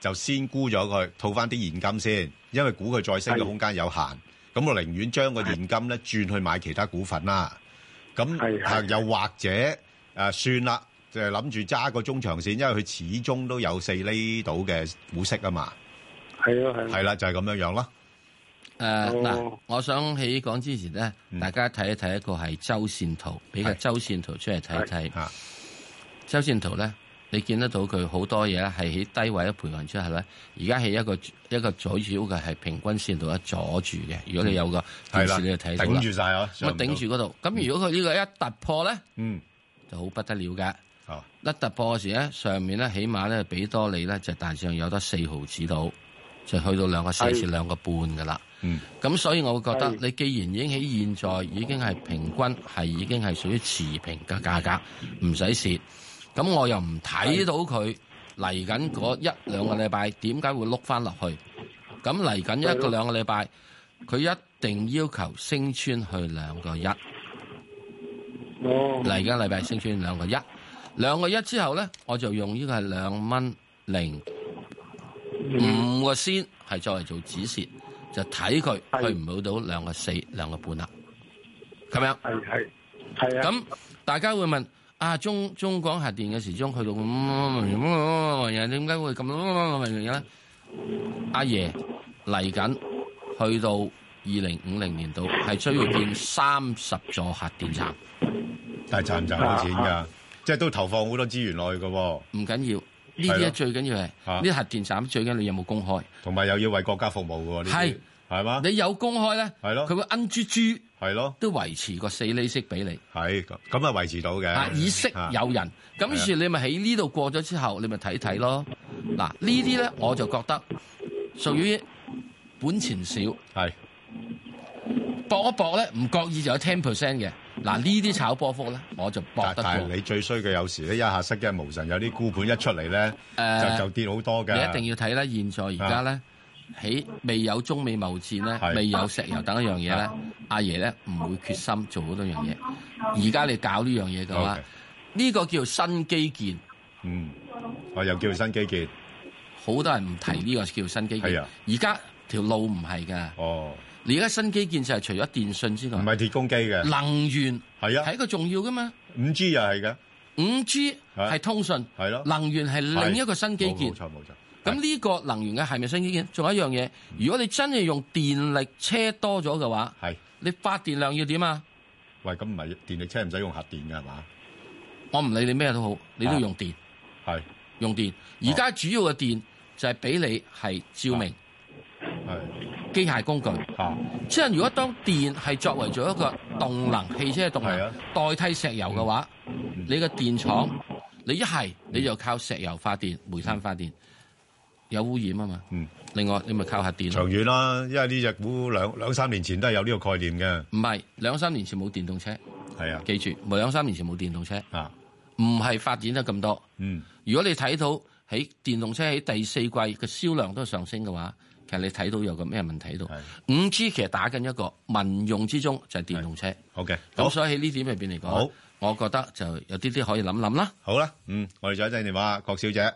就先沽咗佢，套翻啲現金先，因為估佢再升嘅空間有限。咁我寧願將個現金咧轉去買其他股份啦。咁啊，又或者誒、呃，算啦，就係諗住揸個中長線，因為佢始終都有四厘到嘅股息啊嘛。係啊，係。係啦，就係、是、咁樣樣囉。誒，嗱，我想起講之前咧，mm. 大家睇一睇一個係周線圖，俾個周線圖出嚟睇一睇。周線圖咧，你見得到佢好多嘢咧，係喺低位一徘徊之後咧，而家喺一個一個小小的係平均線度一阻住嘅。如果你有個電視，mm. 你就睇到啦。頂住晒啊！咁頂住嗰度。咁如果佢呢個一突破咧，嗯、mm.，就好不得了嘅。Oh. 一突破嘅時咧，上面咧起碼咧，俾多你咧就大致上有得四毫紙到，就去到兩個四至兩個半噶啦。咁、嗯、所以我會覺得，你既然已經喺現在已經係平均係已經係屬於持平嘅價格，唔使蝕。咁我又唔睇到佢嚟緊嗰一兩個禮拜，點解會碌翻落去？咁嚟緊一個兩個禮拜，佢一定要求升穿去兩個一。哦。嚟緊禮拜升穿兩個一，兩個一之後咧，我就用呢個係兩蚊零五個先，係作為做止蝕。就睇佢，佢唔好到兩個四兩個半啦，咁樣。係係係啊！咁大家會問啊，中中港核電嘅時鐘去到咁，又點解會咁？阿爺嚟緊，去到二零五零年度係需要建三十座核電站， 但係賺唔賺到錢㗎？即係都投放好多資源落去嘅喎，唔緊要。呢啲最緊要係呢、啊、核電站最緊要你有冇公開，同埋又要為國家服務嘅喎。係，係嘛？你有公開咧，係咯，佢會恩豬豬，係咯，都維持個四厘息俾你。係，咁啊維持到嘅、啊，以息誘人。咁於是你咪喺呢度過咗之後，你咪睇睇咯。嗱，呢啲咧我就覺得屬於本錢少，係博一搏咧，唔覺意就有 ten percent 嘅。嗱，呢啲炒波幅咧，我就搏得過。但係你最衰嘅有時咧一下失驚無神，有啲股盤一出嚟咧、呃，就就跌好多㗎。你一定要睇咧，現在而家咧，喺未有中美貿戰咧，未有石油等一樣嘢咧，阿爺咧唔會決心做好多樣嘢。而家你搞呢樣嘢嘅話，呢、Okay. 個叫做新基建。嗯，我、哦、又叫做新基建。好多人唔提呢個叫做新基建。而家、啊、條路唔係㗎。哦。你而家新基建就係除咗電信之外，唔係鐵公機嘅，能源係啊，係一個重要噶嘛。五 G 又係嘅，五 G 係通訊係咯，能源係另一個新基建。冇錯冇錯。咁呢個能源嘅係咪新基建？仲有一樣嘢，如果你真係用電力車多咗嘅話，係你發電量要點啊？喂，咁唔係電力車唔使用，用核電嘅係嘛？我唔理你咩都好，你都要用電，係用電。而家主要嘅電就係俾你係照明，係。機械工具，啊、即係如果當電係作為咗一個動能汽車嘅動能，啊啊啊，代替石油嘅話，嗯、你嘅電廠，嗯、你一係你就靠石油發電、煤炭發電、嗯，有污染啊嘛。嗯，另外你咪靠核電。長遠啦，因為呢隻股兩兩三,兩三年前都係有呢個概念嘅。唔係、啊、兩三年前冇電動車。係啊，記住冇兩三年前冇電動車。啊，唔係發展得咁多。嗯，如果你睇到喺電動車喺第四季嘅銷量都係上升嘅話，其實你睇到有個咩問題度？五 G 其實打緊一個民用之中就係電動車。好嘅，咁所以喺呢點入邊嚟講，我覺得就有啲啲可以諗諗啦。好啦，嗯，我哋再一陣電話郭小姐，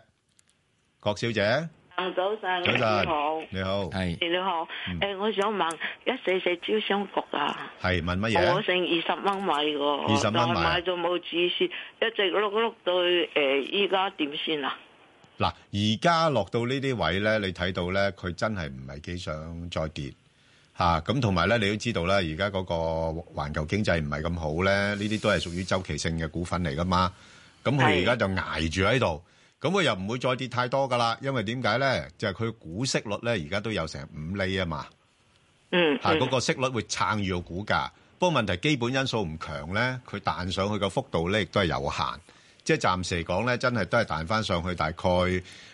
郭小姐，早晨，早晨你好，你好，係你好。誒、欸，我想問一四四招商局啊，係問乜嘢？我剩二十蚊買嘅，二十蚊買就冇注意一直碌碌到誒，依家點算啊？嗱，而家落到呢啲位咧，你睇到咧，佢真係唔係幾想再跌吓，咁同埋咧，你都知道啦，而家嗰個環球經濟唔係咁好咧，呢啲都係屬於周期性嘅股份嚟噶嘛，咁佢而家就挨住喺度，咁佢又唔會再跌太多噶啦，因為點解咧？就係佢股息率咧，而家都有成五厘啊嘛，嗯，嗰、嗯嗰個息率會撐住個股價，不過問題基本因素唔強咧，佢彈上去嘅幅度咧，亦都係有限。即係暫時嚟講咧，真係都係彈翻上去，大概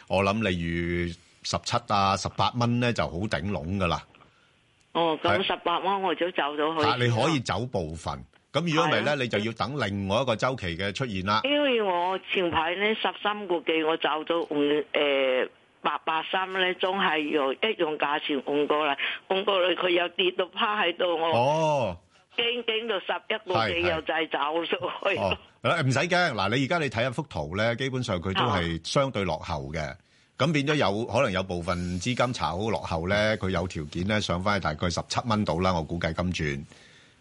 我諗例如十七啊、十八蚊咧就好頂籠噶啦。哦，咁十八蚊我就走咗去。但你可以走部分。咁如果唔係咧，你就要等另外一個周期嘅出現啦。因為我前排咧十三個幾我走咗按誒八百三咧，仲係用一樣價錢換過嚟，換過嚟佢又跌到趴喺度我。哦。驚驚到十一個幾又就走咗去。唔使驚嗱，你而家你睇下幅圖咧，基本上佢都係相對落後嘅。咁變咗有可能有部分資金炒好落後咧，佢有條件咧上翻去大概十七蚊度啦。我估計今轉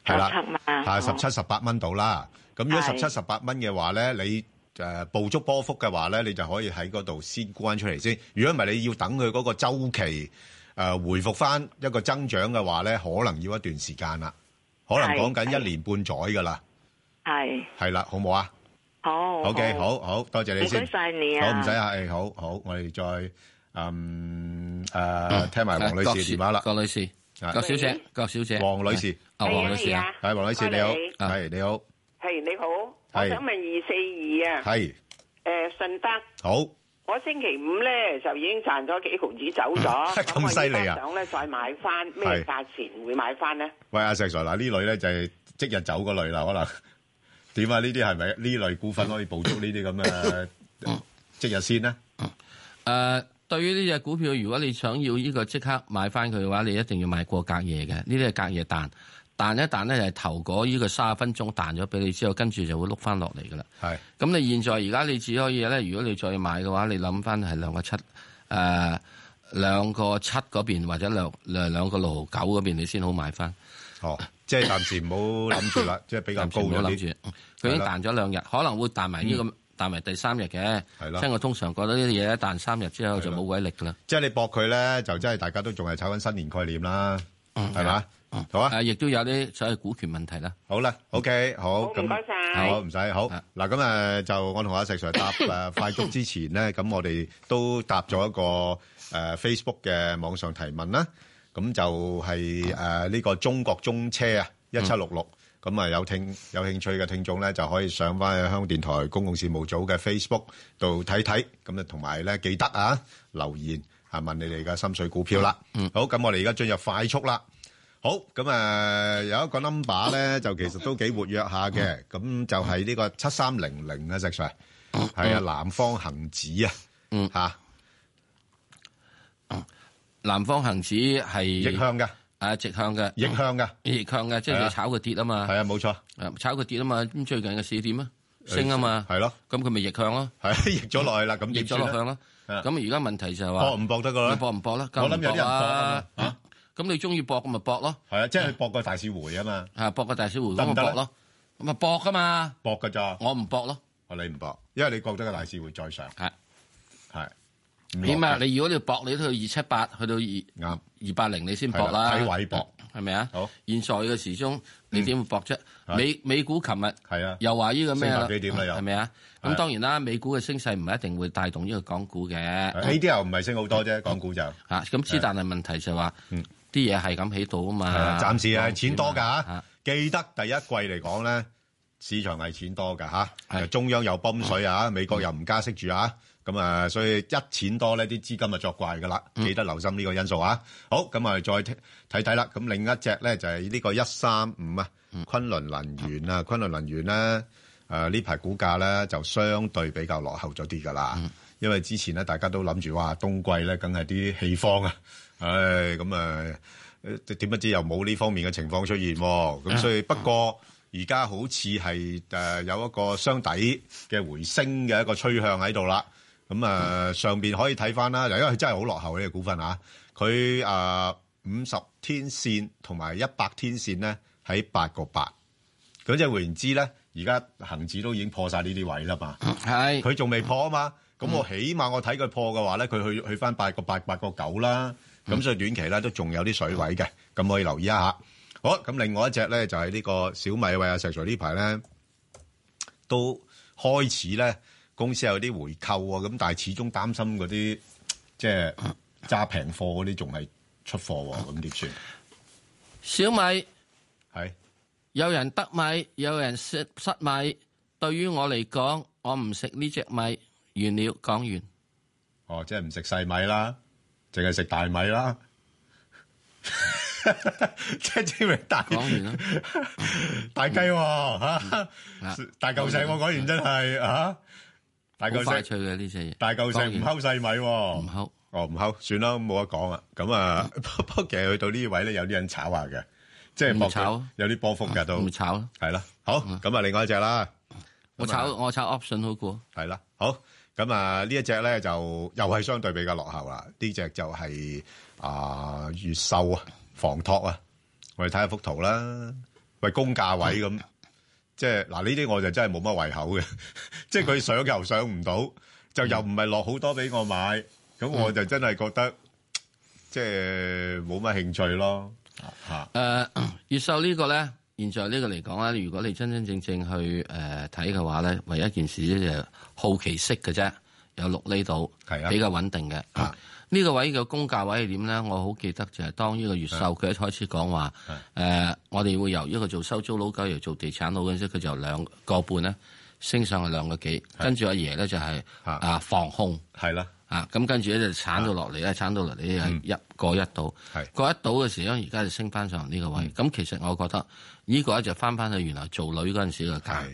係啦，係十七十八蚊度啦。咁如果十七十八蚊嘅話咧，你誒捕捉波幅嘅話咧，你就可以喺嗰度先沽出嚟先。如果唔係，你要等佢嗰個周期誒、呃、回復翻一個增長嘅話咧，可能要一段時間啦。可能講緊一年半載噶啦，係係啦，好冇啊？好，OK，好，好多謝你先，唔該晒你啊。好，唔使啊，係，好好，我哋再嗯誒聽埋黃女士電話啦。郭女士，郭小姐，郭小姐，黃女士，阿黃女士啊，係黃女士你好，係你好，係你好，我想問二四二啊，係誒順德，好。我星期五咧就已經賺咗幾毫子走咗，咁犀利啊！想咧再買翻咩價錢會買翻咧？喂，阿石 Sir，嗱呢類咧就係即日走嗰類啦，可能點啊？呢啲係咪呢類股份可以補足呢啲咁嘅即日先咧？誒，對於呢隻股票，如果你想要呢個即刻買翻佢嘅話，你一定要買過隔夜嘅，呢啲係隔夜彈。彈一彈咧，係、就是、頭嗰呢個三十分鐘彈咗俾你之後，跟住就會碌翻落嚟噶啦。咁，你現在而家你只可以咧，如果你再買嘅話，你諗翻係兩個七誒兩個七嗰邊，或者兩個六九嗰邊，你先好買翻。哦，即、就、係、是、暫時唔好諗住啦，即係、 就是、比較高咗諗住。佢、嗯、已經彈咗兩日，可能會彈埋呢、這個、嗯、彈埋第三日嘅。係啦，因為我通常覺得呢啲嘢一彈三日之後就冇鬼力噶啦。即係、就是、你博佢咧，就真係大家都仲係炒緊新年概念啦，係、嗯、嘛？好啊！啊，亦都有啲所謂股權問題啦。好啦，O.K.，好咁，唔該晒，好唔使好嗱。咁誒，就我同阿石 Sir 答誒，快速之前咧，咁我哋都答咗一個誒 Facebook 嘅網上提問啦。咁就係誒呢個中國中車啊，一七六六咁啊有聽有興趣嘅聽眾咧，就可以上翻去香港電台公共事務組嘅 Facebook 度睇睇。咁啊，同埋咧記得啊留言啊問你哋嘅心水股票啦。嗯，好，咁我哋而家進入快速啦。好咁啊，有一個 number 咧就其實都幾活躍下嘅，咁就係呢個七三零零啊，石 Sir，係啊，南方恒指啊，嗯吓，南方恒指係逆向嘅，啊，直向嘅，逆向嘅，逆向嘅，即係你炒佢跌啊嘛，係啊，冇錯，啊，炒佢跌啊嘛，咁最近嘅市點啊？升啊嘛，係咯，咁佢咪逆向咯，係逆咗落去啦，咁逆咗落去咯，咁而家問題就係話搏唔搏得噶啦，搏唔搏啦，我諗有啲搏啊。.咁你中意搏，咁咪搏咯，係啊，即係搏個大市回啊嘛，吓，搏個大市回，咁咪搏咯，咁咪搏噶嘛，搏噶咋，我唔搏咯，我、啊、你唔搏，因為你覺得個大市會再上，係係、啊、起碼你如果你搏，你都要二七八去到二二八零你先搏啦，睇、啊、位搏係咪啊？好，現在嘅時鐘你點搏啫？美美股琴日係啊，又話呢個咩啊？升幾點係咪啊？咁當然啦，美股嘅、嗯、升勢唔係一定會帶動呢個港股嘅，呢啲又唔係升好多啫、嗯嗯，港股就，啊，咁之但係問題就係話、是，嗯嗯啲嘢係咁起到啊嘛，暫、啊、時係、啊、錢多㗎、啊啊，記得第一季嚟講咧，市場係錢多㗎、啊、中央又泵水、嗯、啊，美國又唔加息住啊，咁啊，所以一錢多呢啲資金就作怪㗎啦，記得留心呢個因素啊、嗯。好，咁、嗯嗯嗯嗯、啊，再睇睇啦。咁另一隻咧就係呢個一三五啊，昆崙能源啊，昆崙能源咧，誒呢排股價咧就相對比較落後咗啲㗎啦。嗯因為之前咧，大家都諗住哇，冬季咧，梗係啲氣荒啊，唉、哎，咁、嗯、啊，點、嗯、不知又冇呢方面嘅情況出現喎。咁所以不過而家好似係誒有一個雙底嘅回升嘅一個趨向喺度啦。咁、嗯、啊、呃，上邊可以睇翻啦。因為佢真係好落後呢、這個股份啊，佢誒五十天線同埋一百天線咧喺八個八，咁即係換言之咧，而家恒指都已經破晒呢啲位啦嘛，係佢仲未破啊嘛。咁、嗯、我起碼我睇佢破嘅話咧，佢去去翻八個八八個九啦。咁、嗯、所以短期咧都仲有啲水位嘅，咁、嗯、可以留意一下。好咁，另外一隻咧就係、是、呢個小米喂阿石 Sir 呢排咧都開始咧公司有啲回購喎，咁但係始終擔心嗰啲即係揸平貨嗰啲，仲係出貨喎。咁，點算？小米係有人得米，有人失失米。對於我嚟講，我唔食呢隻米。完了，講完。哦，即係唔食細米啦，淨係食大米啦。 即係證明大？講完啦， 大雞、喔，吓大舊仔。我講完真係啊大舊仔。快趣嘅呢隻嘢。大舊仔唔溝細米、喔，唔溝。哦，唔溝，算啦，冇得講啦。咁、嗯、啊，不過其實去到呢位咧，有啲人炒下嘅，即係博炒，有啲波幅嘅都。唔炒囉係啦，好，咁啊，另外一隻啦。我炒，我炒、啊，我炒 option 好過，係啦，好。咁啊，一隻呢一隻咧就又係相對比較落後啦。呢隻就係、是、啊，呃、越秀啊，房託啊，我哋睇下幅圖啦，喂，公價位咁，即係嗱呢啲我就真係冇乜胃口嘅，即係佢上又上唔到， 就又唔係落好多俾我買，咁我就真係覺得 即係冇乜興趣咯嚇。誒、uh，越秀呢個咧。現在呢個嚟講咧，如果你真真正，正正去誒睇嘅話咧，唯一,一件事咧就係好奇識嘅啫，有六厘呢度比較穩定嘅。呢、嗯這個位嘅公價位係點咧？我好記得就係當呢個越秀佢一開始講話誒，我哋會由一個做收租佬嚟做地產佬嘅時候，佢就兩個半咧升上去兩個幾，跟住阿爺咧就係、是、啊放空係啦。啊，咁跟住咧就鏟到落嚟咧，鏟到落嚟又一過一度、嗯，過一到嘅時候，而家就升翻上呢個位。咁、嗯、其實我覺得呢個咧就翻翻去原來做女嗰陣時嘅價。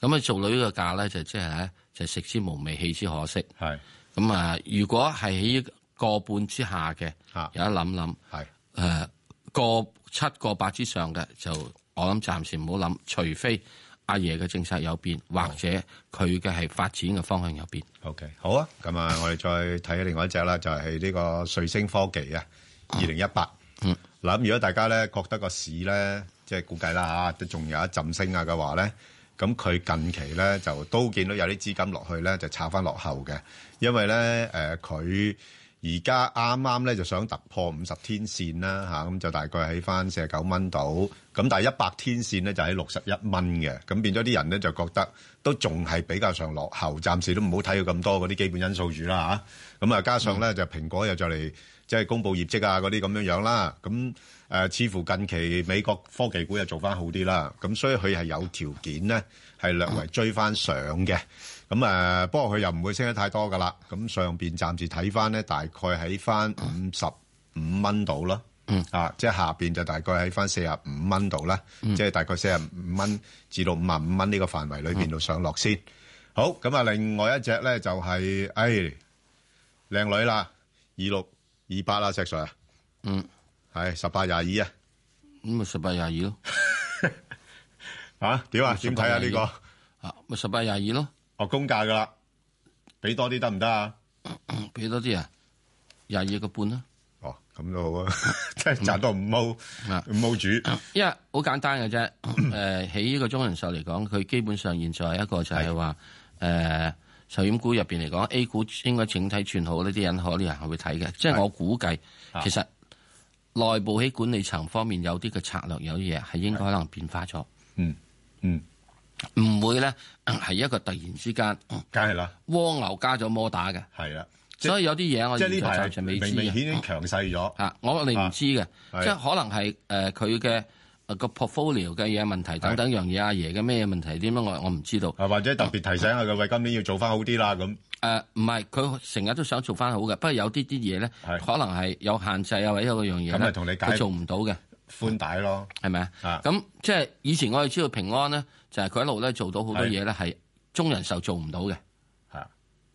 咁啊，做女嘅價咧就即係咧，就食、是、之無味，棄之可惜。係咁啊，如果係喺個半之下嘅，有得諗諗。係誒，個、呃、七個八之上嘅就我諗暫時唔好諗，除非。阿爺嘅政策有變，或者佢嘅係發展嘅方向有變。OK，好啊，咁啊，我哋再睇下另外一隻啦，就係呢個瑞星科技啊，二零一八。嗯，嗱，如果大家咧覺得個市咧，即係估計啦吓，都仲有一浸升啊嘅話咧，咁佢近期咧就都見到有啲資金落去咧，就炒翻落後嘅，因為咧誒佢。而家啱啱咧就想突破五十天線啦嚇，咁就大概喺翻四十九蚊度，咁但係一百天線咧就喺六十一蚊嘅，咁變咗啲人咧就覺得都仲係比較上落後，暫時都唔好睇佢咁多嗰啲基本因素住啦嚇，咁啊加上咧就蘋果又再嚟即係公布業績啊嗰啲咁樣樣啦，咁誒似乎近期美國科技股又做翻好啲啦，咁所以佢係有條件咧係略為追翻上嘅。咁誒，不過佢又唔會升得太多噶啦。咁上邊暫時睇翻咧，大概喺翻五十五蚊度啦，啊，即係下邊就大概喺翻四十五蚊度啦，即、嗯、係、就是、大概四十五蚊至到五十五蚊呢個範圍裏面度上落先、嗯。好，咁啊，另外一隻咧就係、是，誒、哎，靚女啦，二六二八啦石 Sir 啊，嗯，係十八廿二啊，咁咪十八廿二咯，嚇 點啊？點睇啊？呢個啊，咪十八廿二咯。學、哦、公價噶啦，俾多啲得唔得啊？俾多啲啊，廿二個半啦。哦，咁都好啊，真係賺到五毛，五毛主。因為好簡單嘅啫，誒，喺 呢、呃、個中人壽嚟講，佢基本上現在一個就係話，誒，壽、呃、險股入邊嚟講，A 股應該整體轉好，呢啲人可能係會睇嘅。即、就、係、是、我估計，其實內部喺管理層方面有啲嘅策略，有嘢係應該可能變化咗。嗯嗯。唔會咧，係一個突然之間，梗係啦，蝸牛加咗摩打嘅係啦，所以有啲嘢我即係呢排就未知，明顯強勢咗吓，我哋唔知嘅、啊，即係可能係誒佢嘅個 portfolio 嘅嘢問題等等樣嘢，阿爺嘅咩問題點樣我我唔知道啊，或者特別提醒下佢，喂、啊啊、今年要做翻好啲啦咁誒，唔係佢成日都想做翻好嘅，不過有啲啲嘢咧，可能係有限制啊，或者嗰樣嘢咁咪同你解做唔到嘅寬帶咯，係咪啊？咁即係以前我哋知道平安咧。就係、是、佢一路咧做到好多嘢咧，係中人壽做唔到嘅，吓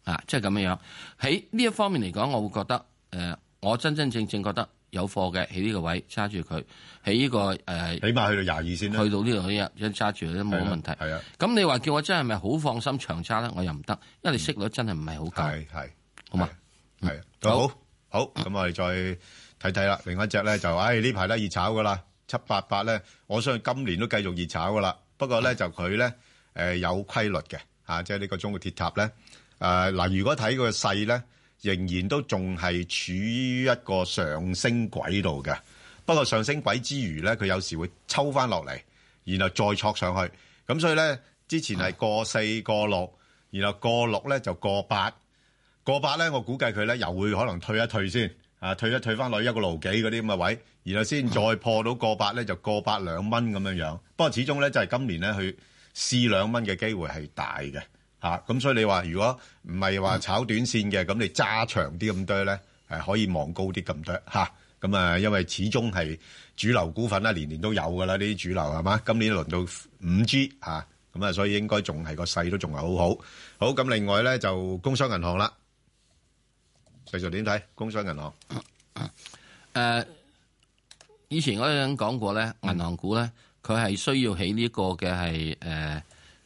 啊，即係咁樣樣喺呢一方面嚟講，我會覺得誒、呃，我真真正正覺得有貨嘅喺呢個位揸住佢喺呢個誒、呃，起碼去到廿二先去到呢度呢啊，一揸住都冇問題。係啊，咁、啊、你話叫我真係咪好放心長揸咧？我又唔得，因為你息率真係唔係好夠係係好嘛係好好咁，好我哋再睇睇啦。另一隻咧就誒、哎、呢排咧熱炒噶啦七八八咧，我相信今年都繼續熱炒噶啦。不過咧就佢咧、呃、有規律嘅、啊、即係呢個中國鐵塔咧誒嗱，如果睇佢個勢咧，仍然都仲係處於一個上升軌道嘅。不過上升軌之餘咧，佢有時會抽翻落嚟，然後再戳上去。咁所以咧，之前係過四過六，然後過六咧就過八，過八咧我估計佢咧又會可能退一退先啊，退一退翻落一個六幾嗰啲咁嘅位。然後先再破到過百咧，就過百兩蚊咁樣樣。不過始終咧，就係、是、今年咧去試兩蚊嘅機會係大嘅咁、啊、所以你話如果唔係話炒短線嘅，咁、嗯、你揸長啲咁多咧，係可以望高啲咁多吓咁啊，因為始終係主流股份啦，年年都有㗎啦，呢啲主流係嘛、啊？今年輪到五 G 咁啊，所以應該仲係個勢都仲係好好。好咁，另外咧就工商銀行啦，繼續點睇工商銀行？Uh, 以前我都有講過咧，銀行股咧，佢係需要起呢個嘅係誒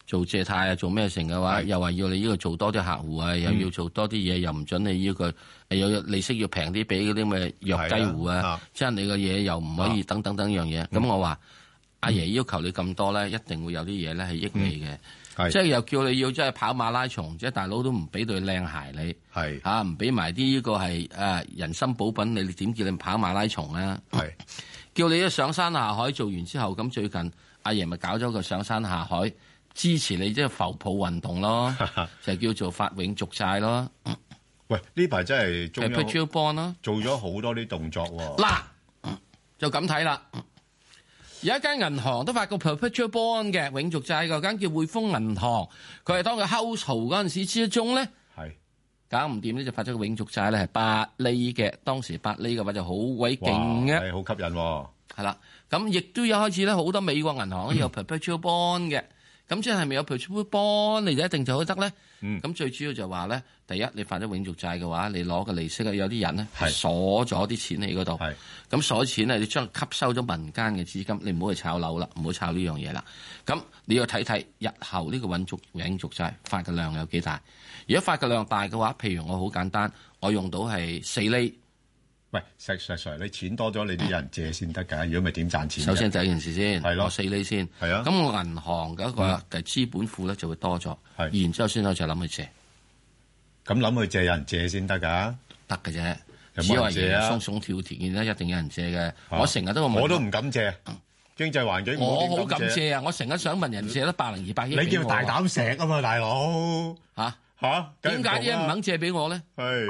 做借貸啊，做咩成嘅話，又話要你呢個做多啲客戶啊，又要做多啲嘢，又唔准你呢、這個有利息要平啲俾嗰啲咩弱雞戶啊，即係你個嘢又唔可以等等等樣嘢。咁、啊、我話、嗯、阿爺要求你咁多咧，一定會有啲嘢咧係益你嘅，、嗯，即係又叫你要即係跑馬拉松，即係大佬都唔俾對靚鞋你，係吓唔俾埋啲呢個係誒人參補品，你點叫你跑馬拉松啊？叫你一上山下海做完之後，咁最近阿爺咪搞咗個上山下海支持你，即係浮泡運動咯，就叫做發永續債咯。 喂，呢排真係中央做咗好多啲動作喎。嗱，就咁睇啦。有一間銀行都發過 perpetual bond 嘅永續債，嗰間叫匯豐銀行。佢係當佢抽籌嗰陣時之中咧。搞唔掂呢，就發咗個永續債咧，係八厘嘅，當時八厘嘅話就好鬼勁嘅，係好、欸、吸引喎、哦。係啦，咁亦都有開始咧，好多美國銀行有 perpetual bond 嘅，咁、嗯、即係咪有 perpetual bond 你就一定就好得咧？咁、嗯、最主要就話咧，第一你發咗永續債嘅話，你攞嘅利息咧，有啲人咧鎖咗啲錢喺嗰度，咁鎖錢咧，你將吸收咗民間嘅資金，你唔好去炒樓啦，唔好炒呢樣嘢啦。咁你要睇睇日後呢個永續永續債發嘅量有幾大。如果發嘅量大嘅話，譬如我好簡單，我用到係四厘。喂，石石石，你錢多咗，你啲人借先得噶。如果咪係點賺錢？首先第一件事先，攞四厘先。係啊。咁我銀行嘅一個資本庫咧就會多咗、嗯。然之後先開始諗去借。咁、嗯、諗去借有人借先得㗎。得嘅啫。唔好借啊！鬆鬆跳跳，一定有人借嘅、啊。我成日都問，我都唔敢借、啊。經濟環境我好敢借啊！我成日想問人借都百零二百億。你叫大膽石啊嘛，大佬嚇。啊吓、啊？點解啲唔肯借俾我咧？係。